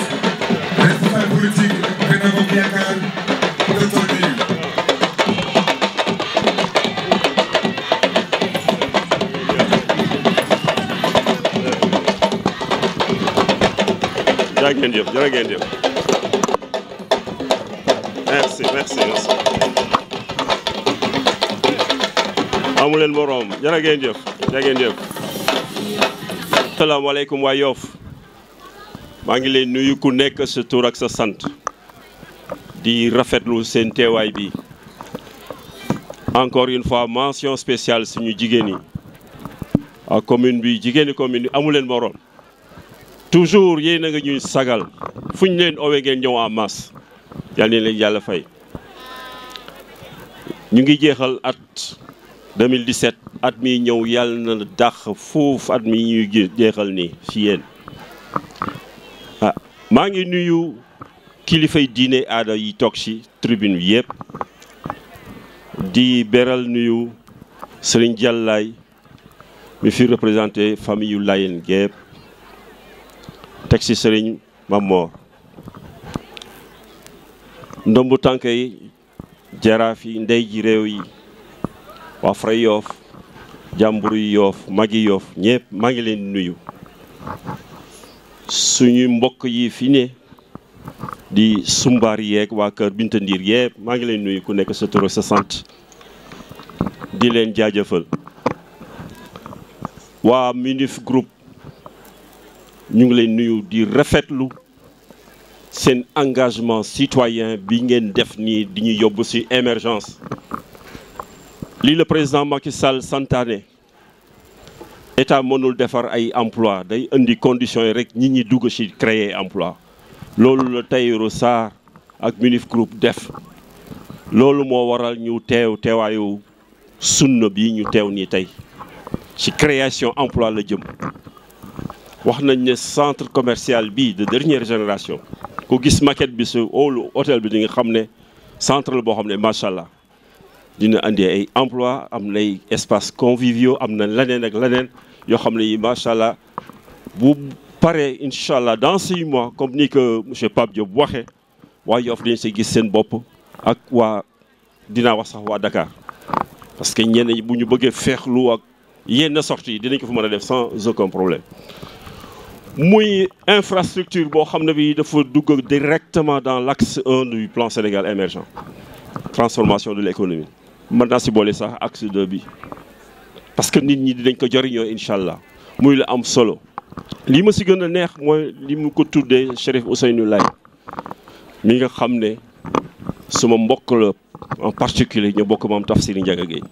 N: responsable politique Benno Bokk Yaakaar docteur Diouf.
F: jërë ngeen jëf jërë ngeen jëf merci merci merci. amu leen moroom jërë ngeen jëf salaamaaleykum waa Yoff maa ngi leen nuyu ku nekk sa ak sa sant di rafetlu seen bi encore une fois mention spéciale suñu jigéen yi ak commune bi jigéeni commune bi amu leen moroom toujours yéen a nga ñuy sagal fu ñu leen owee ngeen ñëw en masse yal na leen yàlla fay ñu ngi jeexal at 2017 at mi ñëw yàlla na dàq foofu at ñuy jeexal ni si yéen ah, maa ngi nuyu kilifay diine aada yi toog si tribune bi yëpp di beral nuyu sëriñ Diallaay mi fi représenté famille yu Layen gépp teg si Serigne Mamor ndombu tànk yi jaraaf yi ndey ji réew yi waa Faray Yoof jàmbur yi Yoof mag ñëpp maa ngi leen nuyu suñu mbokk yi fi ne di sumbaar yeeg waa kër Binta Ndiir yëpp maa ngi leen nuyu ku nekk sa tur sa sant di leen jaajëfal waa Minif groupe ñu ngi leen nuyu di rafetlu seen engagement citoyen bi ngeen def nii di ñu yóbbu ci émergence li le président Macky Sall santaane état mënul défar ay emploi day indi conditions rek nit ñi dugg ci créer emploi lolu la Tahirou Sarr ak Munif Group def lolu mo waral ñu teew teewaayu sunna bi ñu teew ni tay ci création emploi la jëm wax nañ ne centre commercial bi de dernière génération ko gis maquette bi su hôtel bi di nga centre bo xamné machallah dina andi ay emploi am nay espace conviviaux am na leneen ak leneen yoo xam ne yi macha allah bu paree incha allah dans six mois comme ni que monsieur Pape Diop waxee waa Yoff dañ si gis seen bopp ak waa dinaa wax sax waa Dakar parce que ñenn ñi bu ñu bëggee feexlu ak yenn sorties yi dinañ ko fa mën a def sans aucun problème muy infrastructure boo xam ne bi dafa dugg directement dans l'axe 1 du plan Sénégal émergent transformation de l'économie mën si bolé sax axe 2 bi parce que nit ñi dinañ ko jëriñoo inshallah muy la am solo li ma si gëna neex moy li mu ko tuddé cheikh Ousseynou lay mi nga xamné suma mbokk la en particulier ñu bokk maam tafsir Ndiaga Gueye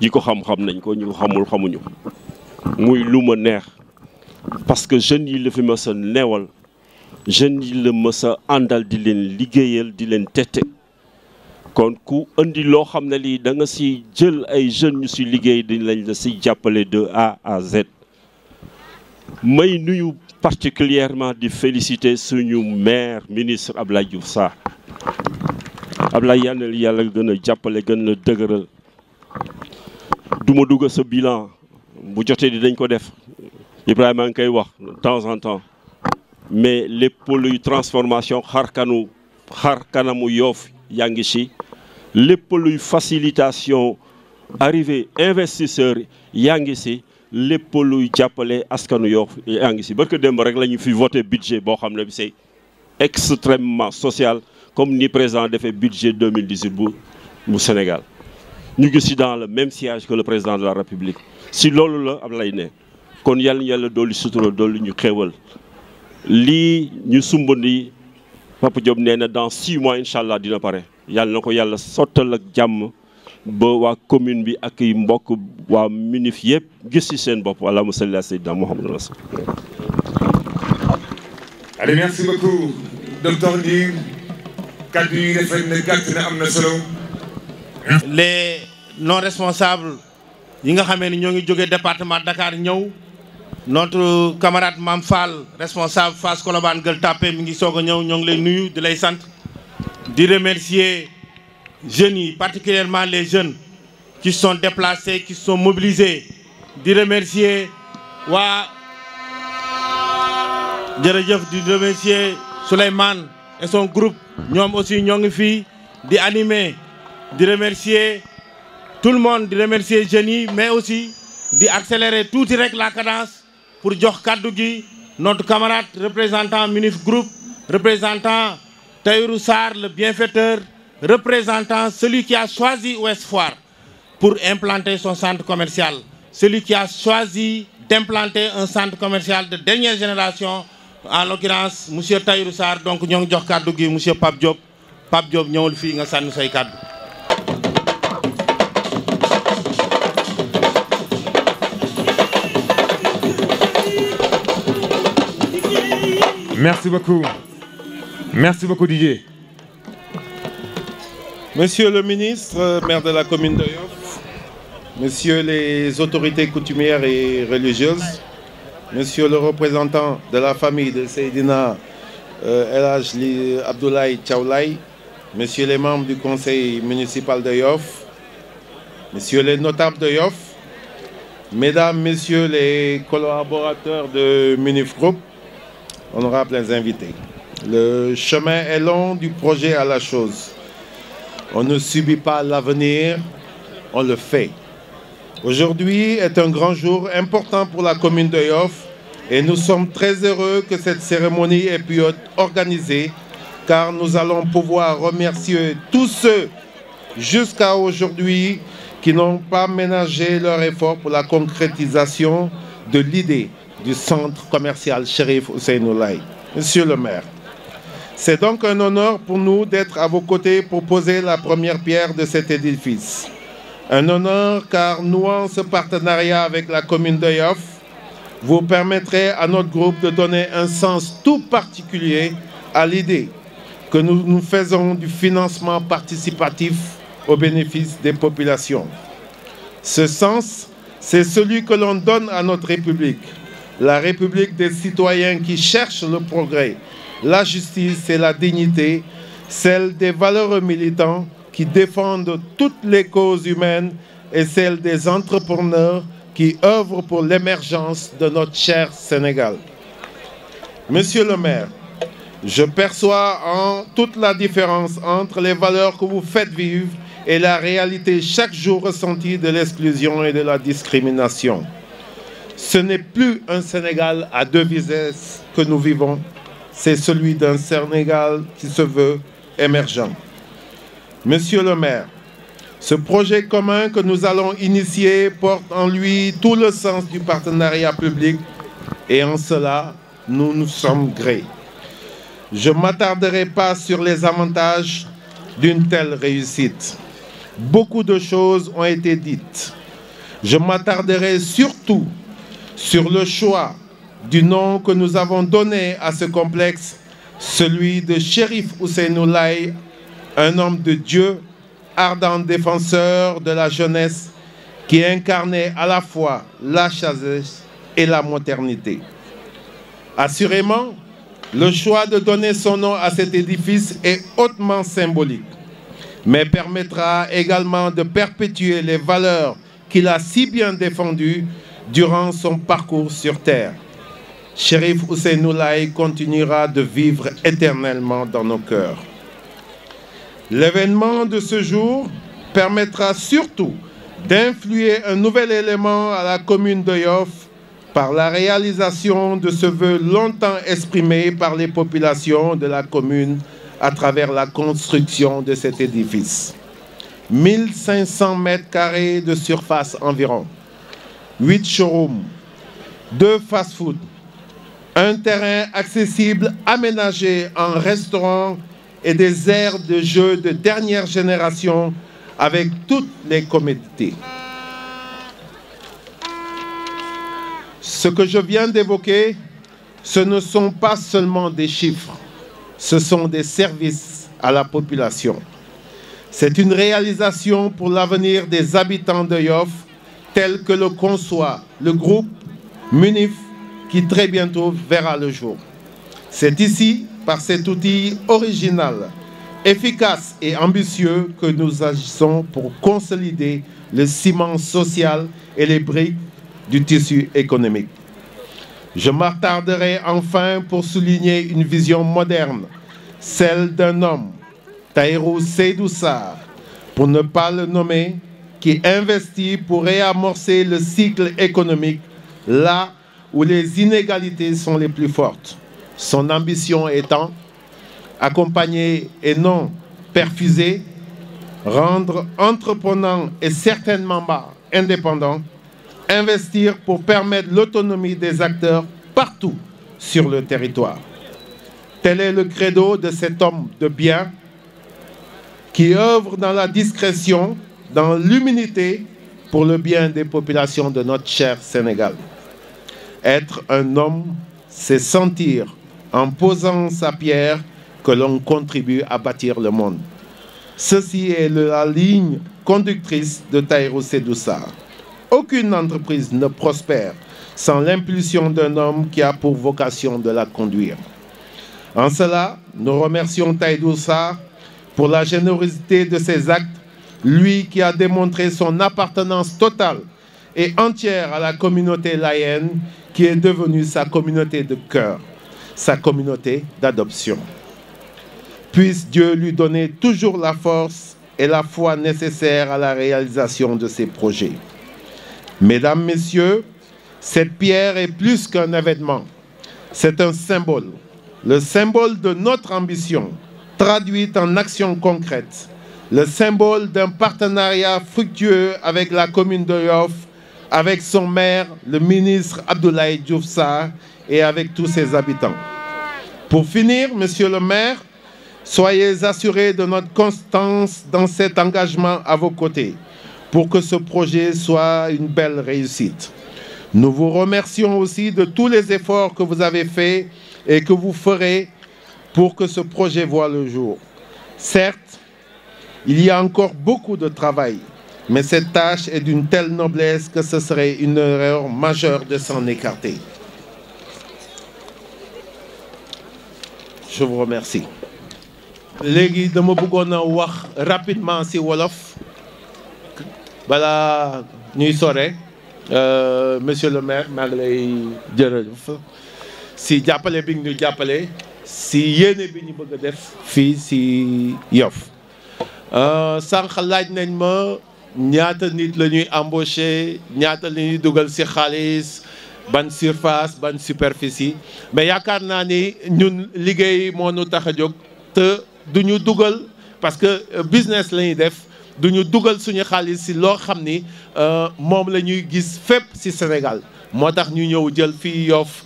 F: ñi ko xam-xam nañ ko ñu xamul xamuñu muy lu ma neex parce que jeunes yi la fi mës a neewal jeunes yi la mës a àndal di len liggéeyal di len tété kon ku indi lo xam li da nga ci jël ay jeunes ñu si liggéey di lañ la ci jappalé de A à Z may nuyu particulièrement di féliciter suñu maire ministre Abdoulaye Diouf Sarr Abdoulaye yal na yàlla gën a jàppale gën a dugg sa bilan bu jotee di dañ ko def Ibrahima ngi koy wax de temps en temps mais les pôles de transformation xar kanu xar kanamu Yoff Yangisi, facilitation arrivée investisseur Yangisi, ngi New York askanu Yoff yaa budget c'est extrêmement social comme ni président le budget 2018 au Sénégal nous sommes dans le même siège que le président de la République si Papa job néna dans 6 mois inshallah allah dina paré yalla na ko yàlla sottal ak jàmm ba wa commune bi ak i mbokk waa MUNIF yëpp gis ci sen bop allahumma salli ala sayyidina Muhammad rasul
L: allez merci beaucoup
P: docteur Ndir kaddu yi defe ne gàtt na amna solo. les non responsables yi nga xamé ni ñoo ngi jógee département Dakar ñew notre camarade MAMFAL, responsable face Colobane Geltape, Tapée mi ngi remercier jeunes particulièrement les jeunes qui sont déplacés qui sont mobilisés de remercier de remercier Souleymane et son groupe nous aussi une de animer di remercier tout le monde de remercier jeunes mais aussi d'accélérer accélérer tout direct la cadence pour jox Kadougi, notre camarade représentant Minif Group, représentant Taïrou le bienfaiteur représentant celui qui a choisi Ouest Foire pour implanter son centre commercial celui qui a choisi d'implanter un centre commercial de dernière génération en l'occurrence M. Taïroussard, donc nous, jox monsieur Pape Diop Pape Diop ñëwul fii
L: Merci beaucoup.
O: Merci beaucoup, Didier. Monsieur le ministre, maire de la commune de Yoff, messieurs les autorités coutumières et religieuses, monsieur le représentant de la famille de Seydina euh, El Haj Abdoulaye Tchaoulaye, messieurs les membres du conseil municipal de Yoff, Monsieur les notables de Yoff, mesdames, messieurs les collaborateurs de Minif Group, plein d'invités. Le chemin est long du projet à la chose. On ne subit pas l'avenir, on le fait. Aujourd'hui est un grand jour important pour la commune de Yoff et nous sommes très heureux que cette cérémonie ait pu être organisée car nous allons pouvoir remercier tous ceux jusqu'à aujourd'hui qui n'ont pas ménagé leur effort pour la concrétisation de l'idée du centre commercial Shérif Ousseinoulaï. Monsieur le maire, c'est donc un honneur pour nous d'être à vos côtés pour poser la première pierre de cet édifice. Un honneur car nouant ce partenariat avec la commune d'Oyoff, vous permettrez à notre groupe de donner un sens tout particulier à l'idée que nous nous faisons du financement participatif au bénéfice des populations. Ce sens, c'est celui que l'on donne à notre République, la République des citoyens qui cherchent le progrès, la justice et la dignité, celle des valeureux militants qui défendent toutes les causes humaines et celle des entrepreneurs qui œuvrent pour l'émergence de notre cher Sénégal. Monsieur le maire, je perçois en toute la différence entre les valeurs que vous faites vivre et la réalité chaque jour ressentie de l'exclusion et de la discrimination. Ce n'est plus un Sénégal à deux vitesses que nous vivons, c'est celui d'un Sénégal qui se veut émergent. Monsieur le maire, ce projet commun que nous allons initier porte en lui tout le sens du partenariat public et en cela, nous nous sommes grés. Je ne m'attarderai pas sur les avantages d'une telle réussite. Beaucoup de choses ont été dites. Je m'attarderai surtout sur le choix du nom que nous avons donné à ce complexe, celui de Shérif Hussein un homme de Dieu, ardent défenseur de la jeunesse qui incarnait à la fois la chasse et la modernité. Assurément, le choix de donner son nom à cet édifice est hautement symbolique, mais permettra également de perpétuer les valeurs qu'il a si bien défendues durant son parcours sur terre. Shérif noulaï continuera de vivre éternellement dans nos cœurs. L'événement de ce jour permettra surtout d'influer un nouvel élément à la commune de Yoff par la réalisation de ce vœu longtemps exprimé par les populations de la commune à travers la construction de cet édifice. 1500 mètres carrés de surface environ. Huit showrooms, deux fast-food, un terrain accessible aménagé en restaurant et des aires de jeux de dernière génération avec toutes les commodités. Ce que je viens d'évoquer, ce ne sont pas seulement des chiffres, ce sont des services à la population. C'est une réalisation pour l'avenir des habitants de Yoff tel que le conçoit le groupe MUNIF qui très bientôt verra le jour. C'est ici, par cet outil original, efficace et ambitieux, que nous agissons pour consolider le ciment social et les briques du tissu économique. Je m'attarderai enfin pour souligner une vision moderne, celle d'un homme, Taïro Seydoussar, pour ne pas le nommer, qui investit pour réamorcer le cycle économique là où les inégalités sont les plus fortes. Son ambition étant accompagner et non perfuser, rendre entreprenant et certainement indépendants, indépendant, investir pour permettre l'autonomie des acteurs partout sur le territoire. Tel est le credo de cet homme de bien qui œuvre dans la discrétion dans l'humilité pour le bien des populations de notre cher Sénégal. Être un homme, c'est sentir, en posant sa pierre, que l'on contribue à bâtir le monde. Ceci est la ligne conductrice de Taïro Sédoussa. Aucune entreprise ne prospère sans l'impulsion d'un homme qui a pour vocation de la conduire. En cela, nous remercions Taïro pour la générosité de ses actes lui qui a démontré son appartenance totale et entière à la communauté laïenne qui est devenue sa communauté de cœur, sa communauté d'adoption. Puisse Dieu lui donner toujours la force et la foi nécessaires à la réalisation de ses projets. Mesdames, Messieurs, cette pierre est plus qu'un événement, c'est un symbole, le symbole de notre ambition, traduite en actions concrètes le symbole d'un partenariat fructueux avec la commune de Yoff, avec son maire, le ministre Abdoulaye Djoufsa, et avec tous ses habitants. Pour finir, monsieur le maire, soyez assurés de notre constance dans cet engagement à vos côtés pour que ce projet soit une belle réussite. Nous vous remercions aussi de tous les efforts que vous avez faits et que vous ferez pour que ce projet voit le jour. Certes, il y a encore beaucoup de travail, mais cette tâche est d'une telle noblesse que ce serait une erreur majeure de s'en écarter. Je vous remercie. léegi dama bëggoon a rapidement si wolof voilà nous sore euh, monsieur le maire si ngi si jërëjëf ci si
F: bi
O: si jàppale euh, sànq laaj nañ ma ñaata nit la ñuy embauché ñaata la ñuy dugal ci xaalis ban surface ban superficie mais yaakaar naa ni ñun liggéey moo nu tax a jóg te duñu ñu dugal parce que business la ñuy def duñu ñu dugal suñu xaalis ci loo xam ni euh, moom la ñuy gis fépp ci Sénégal moo tax ñu ñëw jël fii Yoff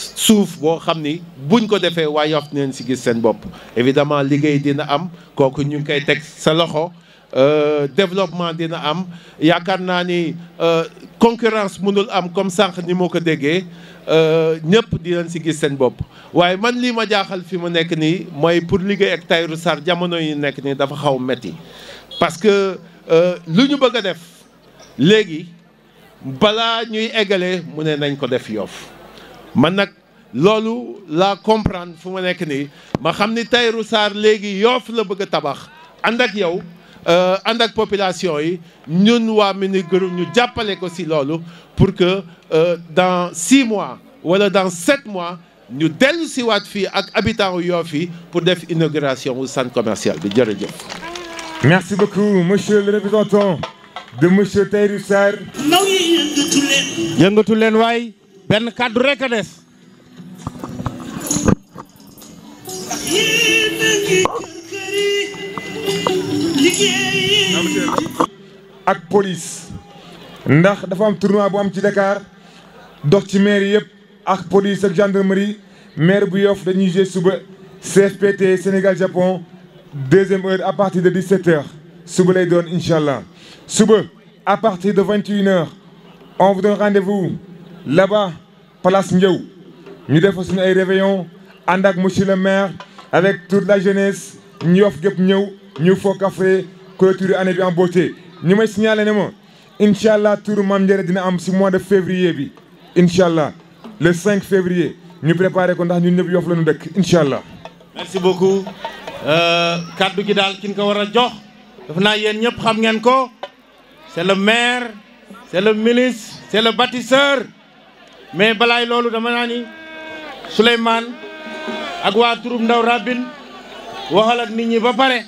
O: souf bo xamni buñ ko defé way Yoff neen ci gis sen bop évidemment liggéey dina am koku ñu ngi koy tek sa loxo euh, développement dina am yaakaar naa ni euh, concurrence mënul am comme sank ni moko déggé euh ñëpp dinañ ci gis sen bop waaye man li ma jaaxal fi mu nekk ni moy pour liggéey ak Tahirou sar jamono yi nekk ni dafa xaw metti parce que euh, lu ñu bëgg def légui bala ñuy eggalee mu nañ ko def Yoff man nag comprendre fu ma ma la bëgg tabax euh, population yi ñun ñu pour que euh, dans six mois wala dans sept mois nous dellu ci wat habitants pour def inauguration au centre commercial
L: merci beaucoup monsieur le représentant
P: de monsieur ben kàddu rek a
L: ak police ndax dafa am tournoi bu am ci Dakar dox ci maire yeb ak police ak gendarmerie maire bu Yoff dañuy jé suba CFPT Sénégal Japon deuxième heure à partir de 17h suba lay doon suba à partir de 21h on vous donne rendez-vous là-bas place Ndiou. ñu def suñu ay réveillon andak monsieur le maire avec toute la jeunesse nous Yoff gépp ñu foo café clôture année en beauté ñu may signalé Inch'Allah, tout le monde tour Mame Ndiaré dina am mois de février Inch'Allah. le 5 février nous préparons ko ndax nous ñëpp Yoff la ñu dëkk
P: merci beaucoup euh, kaddu jox c'est le maire c'est le ministre c'est le bâtisseur. mais balaay loolu dama naa ni Souleymane ak waa troupe ndaw Rabine waxal ak nit ñi ba pare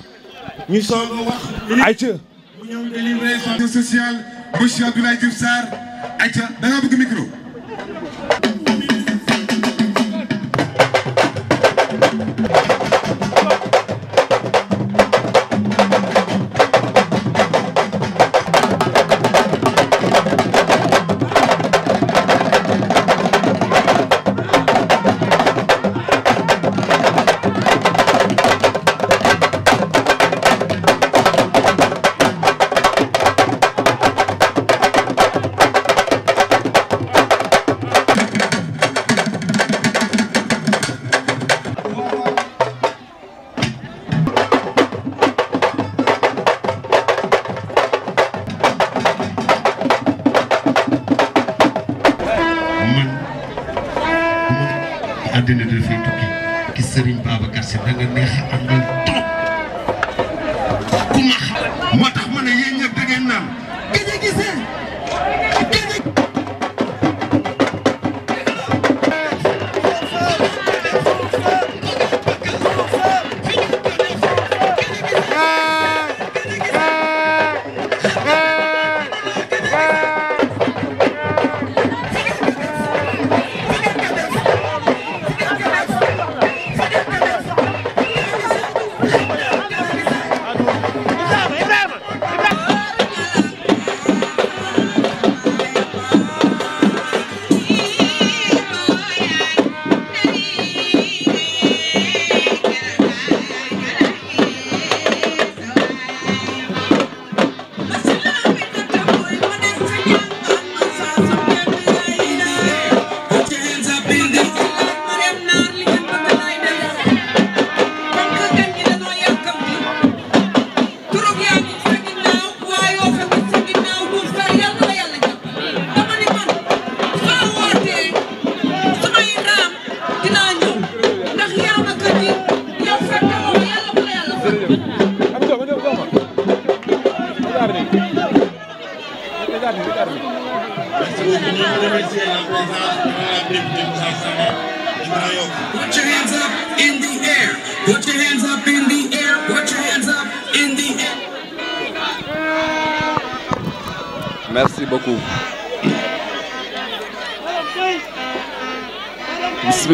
P: ñu soog a wax. ayca. bu ñëw
N: délivré santé sociale Boucher Abdoulaye Diouf Sarr ayca da nga bëgg micro.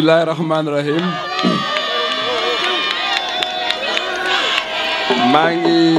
B: bismillahi rahmaani rahim maa ngi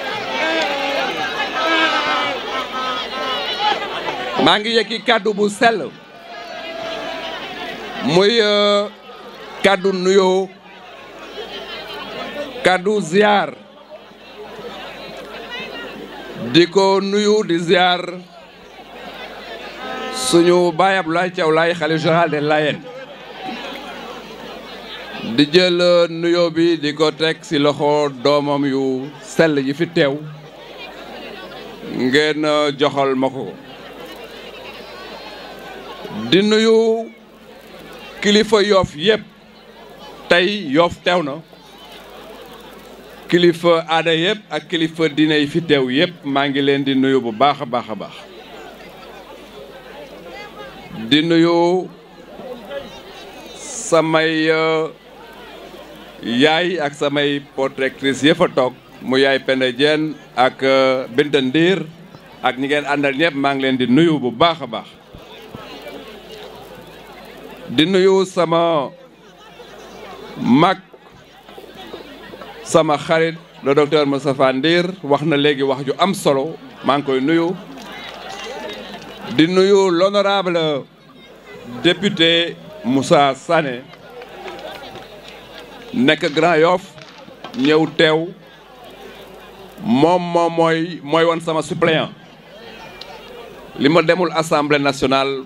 B: maa ngi yëkki kàddu bu sell muy euh, kàddu nuyoo kàddu ziar di ko nuyu di ziar suñu baay Abdoulaye Thiaw Laye khalife général des di jël euh, nuyoo bi di ko teg ci loxo doomam yu sell yi fi teew ngeen euh, joxal ma ko di nuyu kilifa yoof yépp tey yoof teew na kilifa aada yépp ak kilifa diine yi fi teew yépp maa ngi leen di nuyu bu baax a baax a baax di nuyu samay euh, yaay ak samay protectrice yëpp a toog mu yaay Penda Diène ak euh, Binta Ndiir ak ñi ngeen àndal ñëpp maa ngi leen di nuyu bu baax a baax di nuyu sama mag sama le docteur Moustapha Ndir wax na wax ju am solo l'honorable député Moussa Sane, nek Grand Yoff ñew tew mom moi moy suppléant demul assemblée nationale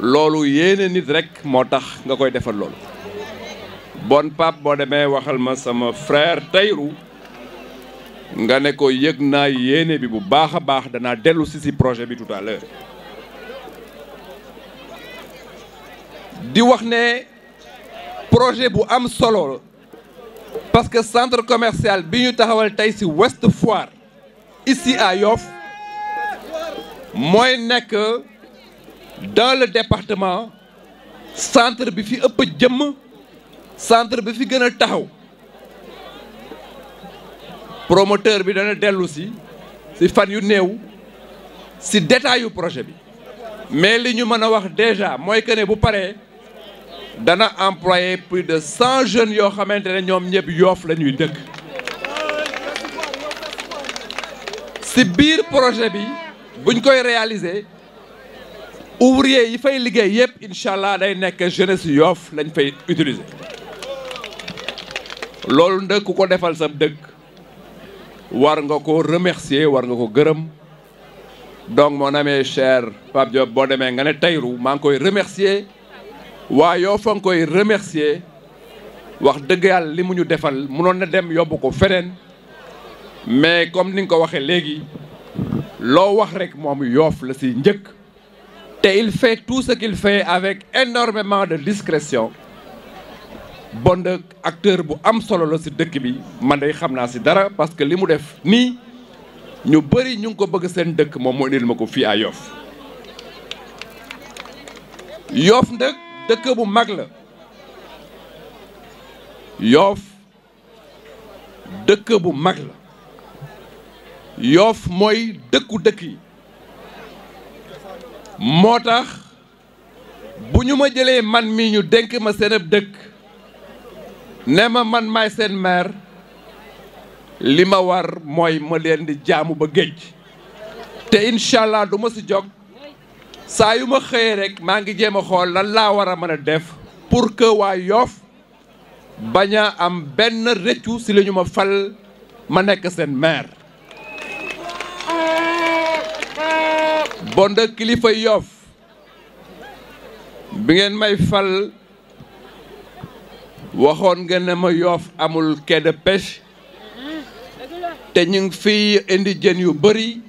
B: Lolu, yene nit rek motax nga koy defal lolu. bon pap bo demé waxal ma sama frère Tayru nga ne ko yene yene baha bi bu baakha baax dana delu si si projet bi tout à l'heure di wax né projet bu am solo parce que centre commercial bi ñu taxawal tay ci west Foire ici à moy nek dans le département centre bi fi peu jëmm centre bi fi gën taxaw promoteur bi dana dellu si si fan yu néew si détail du projet bi mais li ñu mën a wax déjà mooy que ne bu paree d'un employé plus de cent jeunes yoo xamante ñom ñoom ñëpp yoof la ñuy dëkk si bir projet bi buñ koy réaliser ouvrier yi fay liggéey yëpp incha day nekk jeunesse Yoff lañ fay utiliser loolu nag ku ko defal sa dëkk war nga ko remercier war nga ko gërëm donc mon ami cher pap Diop boo demee nga ne tayru maa ngi koy remercier waa Yoff a ngi koy remercier wax dëgg yàlla li mu ñu defal mënoon na dem yóbbu ko feneen mais comme ni nga ko waxee léegi loo wax rek moom Yoff la si njëkk et il fait tout ce qu'il fait avec énormément de discrétion. bon acteur bu am solo la ci dëkk bi man day pas ci dara parce que ce def ni ñu ñu ko bëgg seen dëkk mom mo indil mako fi à Yoff Yoff bu mag la Yoff dëkk bu mag la Yoff moy de moo tax bu ñu ma jëlee man mii ñu dénk ma seen ab dëkk ne ma man maay seen maire li ma war mooy ma leen di jaamu ba géej te incha allah du ma si jog saa yu ma xëyee rek maa ngi jéem a xool lan laa war a mën a def pour que yoof Yoff bañ am benn rëccu si lañu ñu ma fal ma nekk seen maire. bon de kilifa yoof bi ngeen may fal waxoon ngeen ne ma yoof amul quai de pêche te ñu ngi fiy indi jën yu bëri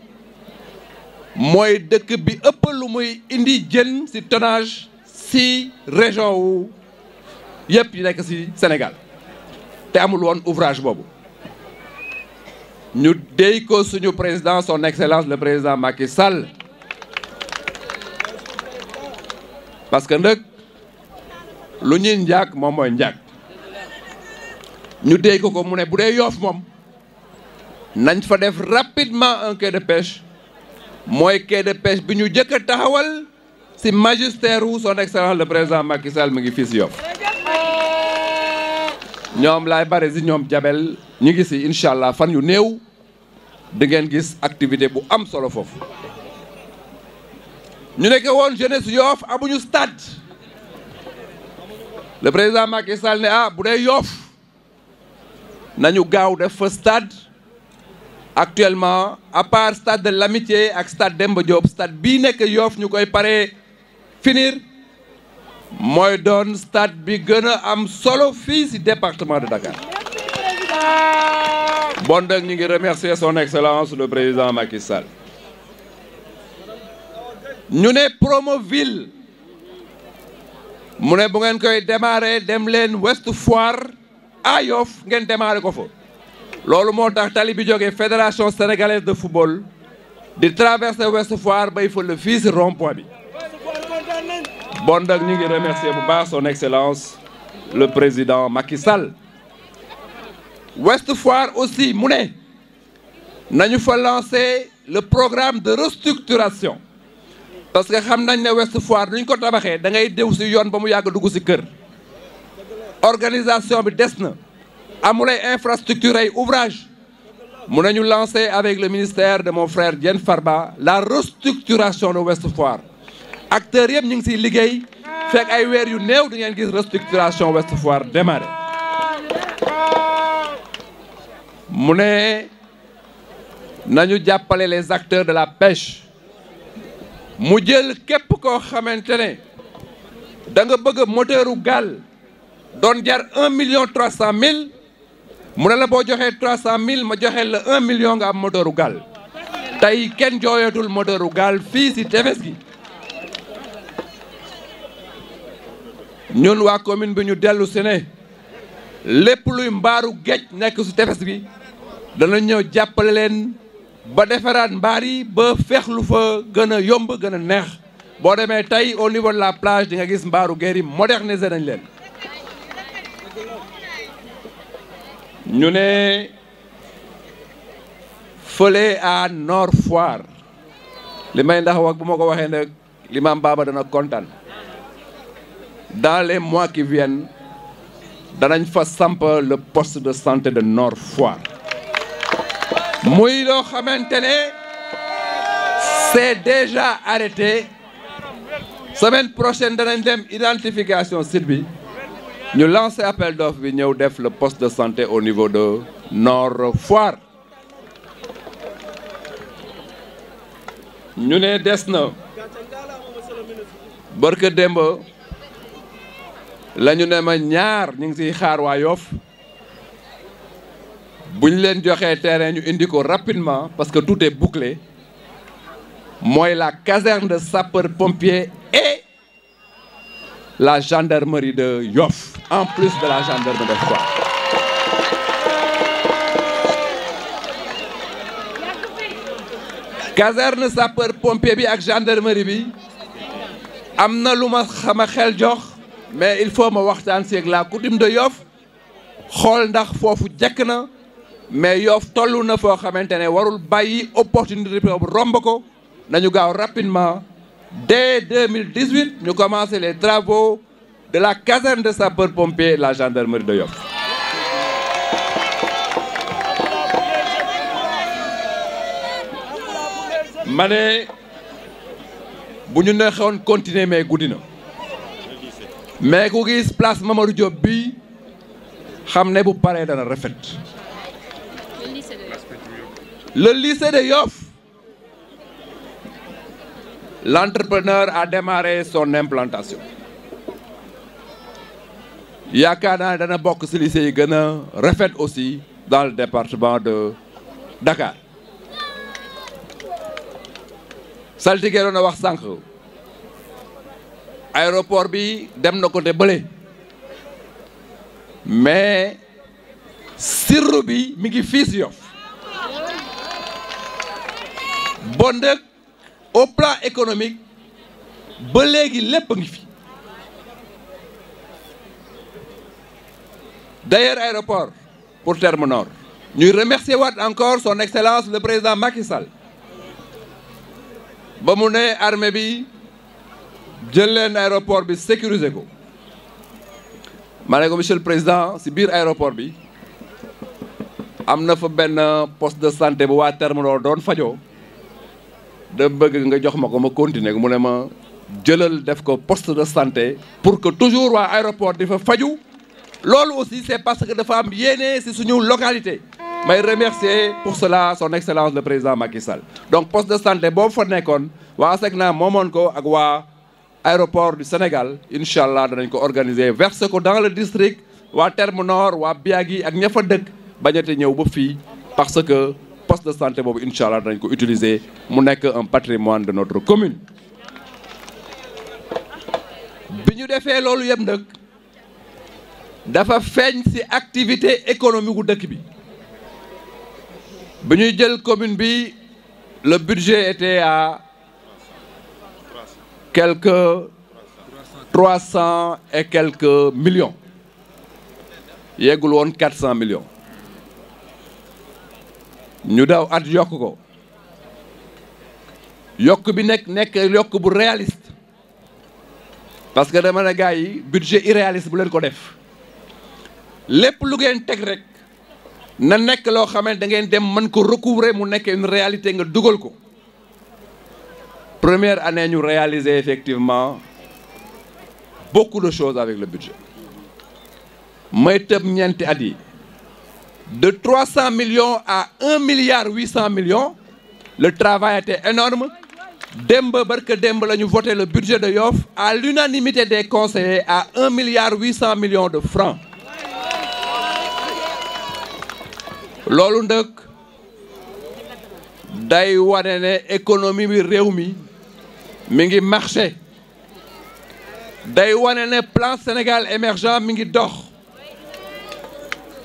B: mooy dëkk bi ëpp lu muy indi jën ci tonage ci région wu yëpp yi nekk ci Sénégal te amul woon ouvrage boobu ñu déy ko suñu président son excellence le président Macky Sall parce que nag lu ñuy njaag moom mooy njaag ñu dégg ko ko mu ne bu dee yoof moom nañ fa def rapidement un quai de pêche mooy quai de bi ñu jëkk a taxawal ci magistère wu son excellence le présent Macky Sall mi ngi fii si yoof ñoom laay bare si ñoom jabel ñu ngi si incha allah fan yu néew di ngeen gis activité bu am solo foofu Nous avons une jeunesse Yoff amuñu stade le président Macky Sall ne ah de yof Yoff nañu gaaw stade actuellement à part stade de l'amitié le stade Demba Diop stade bii nekk Yoff ñu koy finir stade bi am solo fils, département de Dakar bon nuit, ñu ngi son excellence le président Macky Sall nous sommes Promoville Nous ne bu ngeen koy démarrer dem Foire Ayof ngeen démarrer ko fa loolu fédération sénégalaise de football De traverser Ouest Foire il faut le viser rond-point bi bon ñu remercier son excellence le président Macky Sall Ouest Foire aussi nous avons nañu lancer le programme de restructuration parce que xam nañ le Foire Nous avons ko da organisation des amulay infrastructure Nous avons lancé avec le ministère de mon frère Diène Farba la restructuration de West Foire acteurs qui fait nous ay de yu restructuration démarré les acteurs de la pêche mu jël képp koo xamante ne da nga bëgg moteuru gaal doon jar un million trois cent mille mu ne la boo joxee trois cent mille ma joxe la un million nga am moteuru gaal tey kenn jooyatul moteuru gaal fii si tefes gi ñun waa commune bi ñu dellu si ne lépp luy mbaaru géej nekk si tefes gi dana ñëw jàppale leen ba defaraat mbaar yi ba feexlu fa gën a yomb gën a neex boo demee tey au niveau la plage di nga gis mbaaru guerre yi moderniser nañ leen ñu ne fële à Nord Foire li may ndax wax bu ma ko waxee nag li maam baaba dana kontaan dans les mois qui viennent danañ fa samp le post de santé de Nord Foire Khamene Tene, c'est déjà arrêté semaine prochaine dans dem identification site Nous ñu appel d'offres pour le poste de santé au niveau de Nord Foire Nous sommes des na barke Dembo. la sommes des ñaar buñ vous leen joxee terrain ñu indi rapidement parce que tout est bouclé mooy la caserne de sapeurs-pompiers et la gendarmerie de Yoff en plus de la gendarmerie de La caserne sapeur pompier bi ak gendarmerie bi am na lu xama xel jox mais il faut ma waxtaan si ak la coutume de Yoff xool ndax foofu jekk mais il y a foo xamante l'opportunité warul bàyyi opportunité pour romb Nous nañu rapidement dès 2018 commencé les travaux de la caserne de sapeurs-pompiers la gendarmerie de Yoff nous ne bu ñu continuer mais guddi na mais ku gis place Mamadou Diop bi vous ne bu paree dana le lycée de Yoff. L'entrepreneur a démarré son implantation. Yakana y dana bokk ce lycée yi refait aussi dans le département de Dakar saltige y a wax sànq aéroport bi dem na côté mais il bi mi ngi fils Yoff bon au plan économique ba légui lepp ngi fi d'ailleurs aéroport pour Terme Nord ñuy remercier encore son excellence le président Macky Sall ba mu né armée bi jël len aéroport bi sécuriser ko ko monsieur le président C'est bir aéroport bi amna fa poste de santé bu wa Terme Nord doon je bëgg nga jox continuer mu ne ma poste de santé pour que toujours l'aéroport aéroport fayou. aussi c'est parce que les femmes viennent de suñu localité may remercier pour cela son excellence le président Macky Sall donc poste de santé boobu fa nekkoon waa Asecna moomoon ko ak aéroport du Sénégal Inch'Allah, nous avons ko organiser ce ko dans le district waa Terme Nord Biagi Biagui ak ña fa dëkk bañate ñëw ba fii parce que poste de santé bobu inshallah dañ ko utiliser mu nek un patrimoine de notre commune. biñu défé defee loolu nak dafa feeñ ci activité économique gu dëkk bi jël commune bi le budget était à quelque trois et quelques millions Il y a 400 millions ñu daw at yokk ko yokk bi nek nek yokk bu réaliste parce que dama ne gars yi budget irréaliste bu leen ko def lépp lu ngeen teg rek na nekk loo xamante da ngeen dem mën ko recouvrer mu nekk une réalité nga dugal ko première année ñu réaliser effectivement beaucoup de choses avec le budget may tëb ñeenti at yi de 300 millions à 1 milliard 800 millions. Le travail était énorme. Dembe Barke Demba, nous voté le budget de Yoff à l'unanimité des conseillers à 1 milliard 800 millions de francs. loolu d'ailleurs, économie bi marché day plan Sénégal émergent mi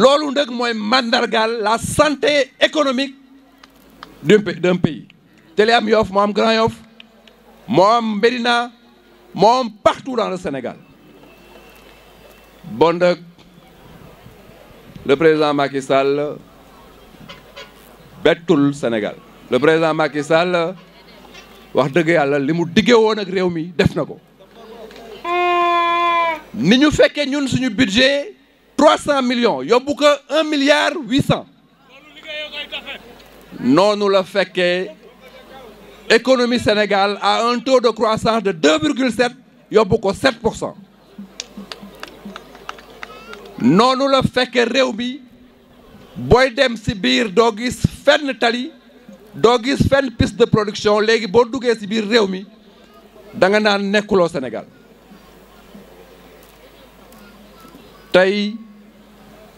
B: loolu nag mooy mandargal la santé économique d'un pays te am Yoff Grand yof, partout dans le Sénégal bon le président Macky Sall Sénégal le président Macky Sall wax que nous budget 300 millions il a ko 1 milliard 800 le fait que l'économie Sénégal a un taux de croissance de 2,7 Il ko 7 pour cent de la Non, nous le fait dem ci Boydem Sibir, fenn tali Dogis, fenn piste de production Légui, boo Sibir, ci dans le Sénégal tey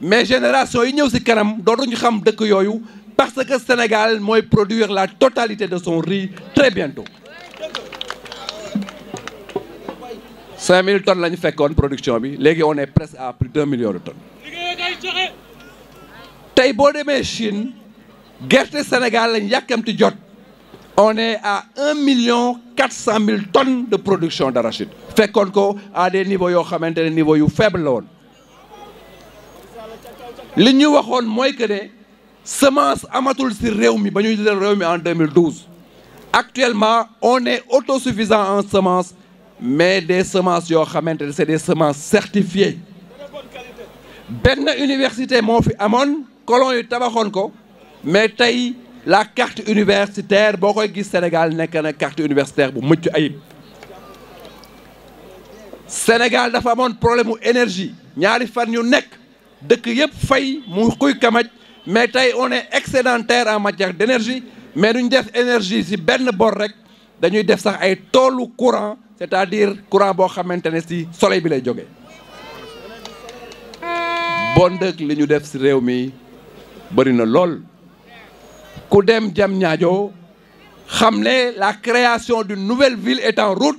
B: Mes générations ils ne savent pas nous savoir parce que le Sénégal va produire la totalité de son riz très bientôt. 5 000 tonnes de production. on est presque à plus de 2 millions de tonnes. Aujourd'hui, en Chine, du Sénégal, on est à 1 million 400 000 tonnes de production d'arachide. Fait qu'on à des niveaux qui faibles li ñu waxoon mooy que ne semence amatul si réew mi ba ñuy réew mi en 2012 actuellement on est autosuffisant en semences, mais des semences yoo xamante c'est des semences certifiées Ben université moo fi amon, colon yu tabaxoon ko mais tey la carte universitaire beaucoup koy Sénégal nekk na carte universitaire bu mucc ayib Sénégal dafa problème mu énergie ñaari fan yu nekk de yëpp fay mu kuy kamaj mais tey on est excédentaire en matière d'énergie. mais duñ def énergie si ben bor rek dañuy def sax ay tolu courant cest à dire courant bo xamantene si soleil bi lay jógee bon deuk li ñu def si réew mi bari na lol ku dem jam ñaajoo la création d'une nouvelle ville est en route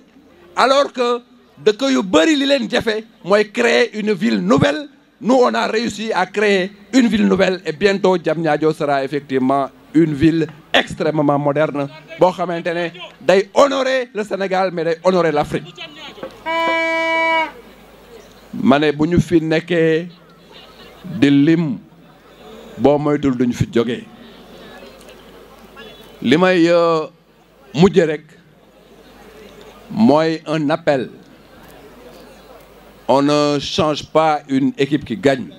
B: alors que dëkk yu bari li leen jafé moy créer une ville nouvelle nous, on a réussi à créer une ville nouvelle et bientôt Diamniadio sera effectivement une ville extrêmement moderne. Bon, maintenant, honorer le Sénégal, mais honorer l'Afrique. mané euh, un appel on ne change pas une équipe qui gagne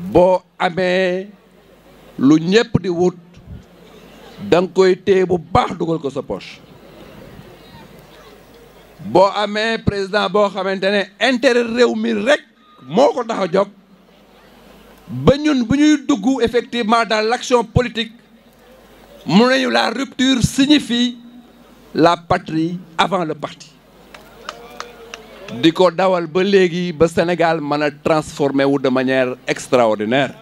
B: Bon amen. lu pour di wut D'un côté, koy téye bu baax dugal ko sa poche boo amee président bon xamante ne intérêt réew mi rek moo ko tax a ba ñun effectivement dans l'action politique la rupture signifie la patrie avant le parti du dawal ba ba Sénégal m'a transformé de manière extraordinaire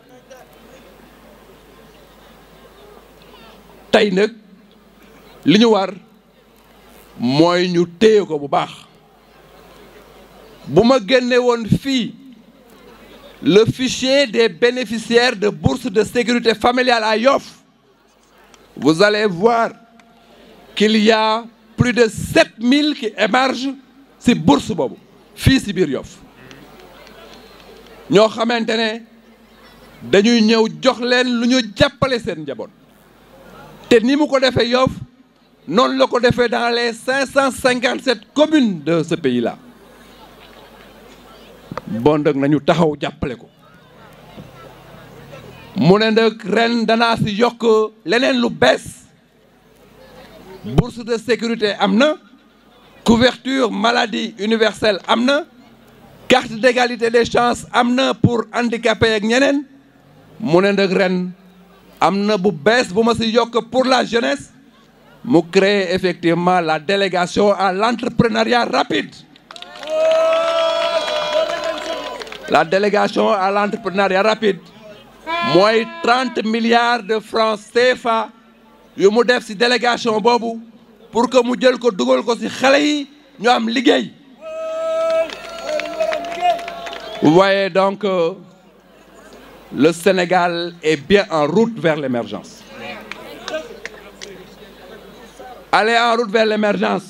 B: tay nak liñu war moy ñu bu baax le fichier des bénéficiaires de bourse de sécurité familiale à Yoff vous allez voir qu'il y a plus de 7000 qui émergent c'est bourse bobu fi ci bir yof ño xamantene nous dañuy ñew jox leen lu ñu seen ni mu ko Yoff non la ko fait dans les 557 communes de ce pays là bon nañu taxaw ko lu bourse de sécurité amna couverture maladie universelle amna carte d'égalité des chances amna pour handicapés et ñenen mu ne nag ren pour la jeunesse mu créer effectivement la délégation à l'entrepreneuriat rapide la délégation à l'entrepreneuriat rapide moy 30 milliards de francs CFA yu mu def délégation Bobu pour que mu le ko dugal ko ci nous Vous voyez donc euh, le Sénégal est bien en route vers l'émergence aller en route vers l'émergence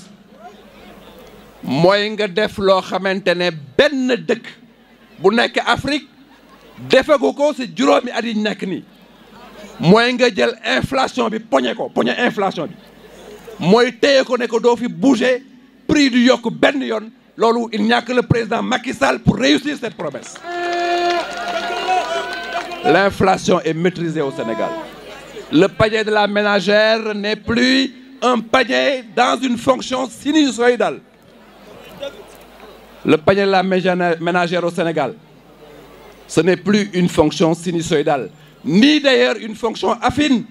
B: mooy nga def loo xamante benn dëkk bu nekk Afrique defagu ko ci juróomi inflation mooy bouger prix du il n'y a que le président Macky Sall pour réussir cette promesse l'inflation est maîtrisée au Sénégal le panier de la ménagère n'est plus un panier dans une fonction sinusoïdale le panier de la ménagère au Sénégal ce n'est plus une fonction sinusoïdale ni d'ailleurs une fonction affine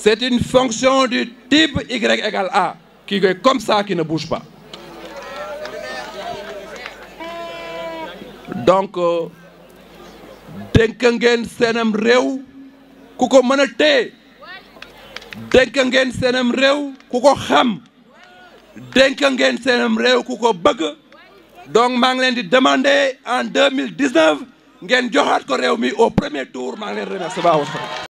B: c'est une fonction du type y égale a, qui est comme ça, qui ne bouge pas. donc euh, dénk ngeen seenam réew ku ko mën a téye dénk ngeen seenam reu, ku ko xam dénk ngeen seenam réew ku bëgg donc je vous leen di en 2019 mille dix-neuf au premier tour Je vous leen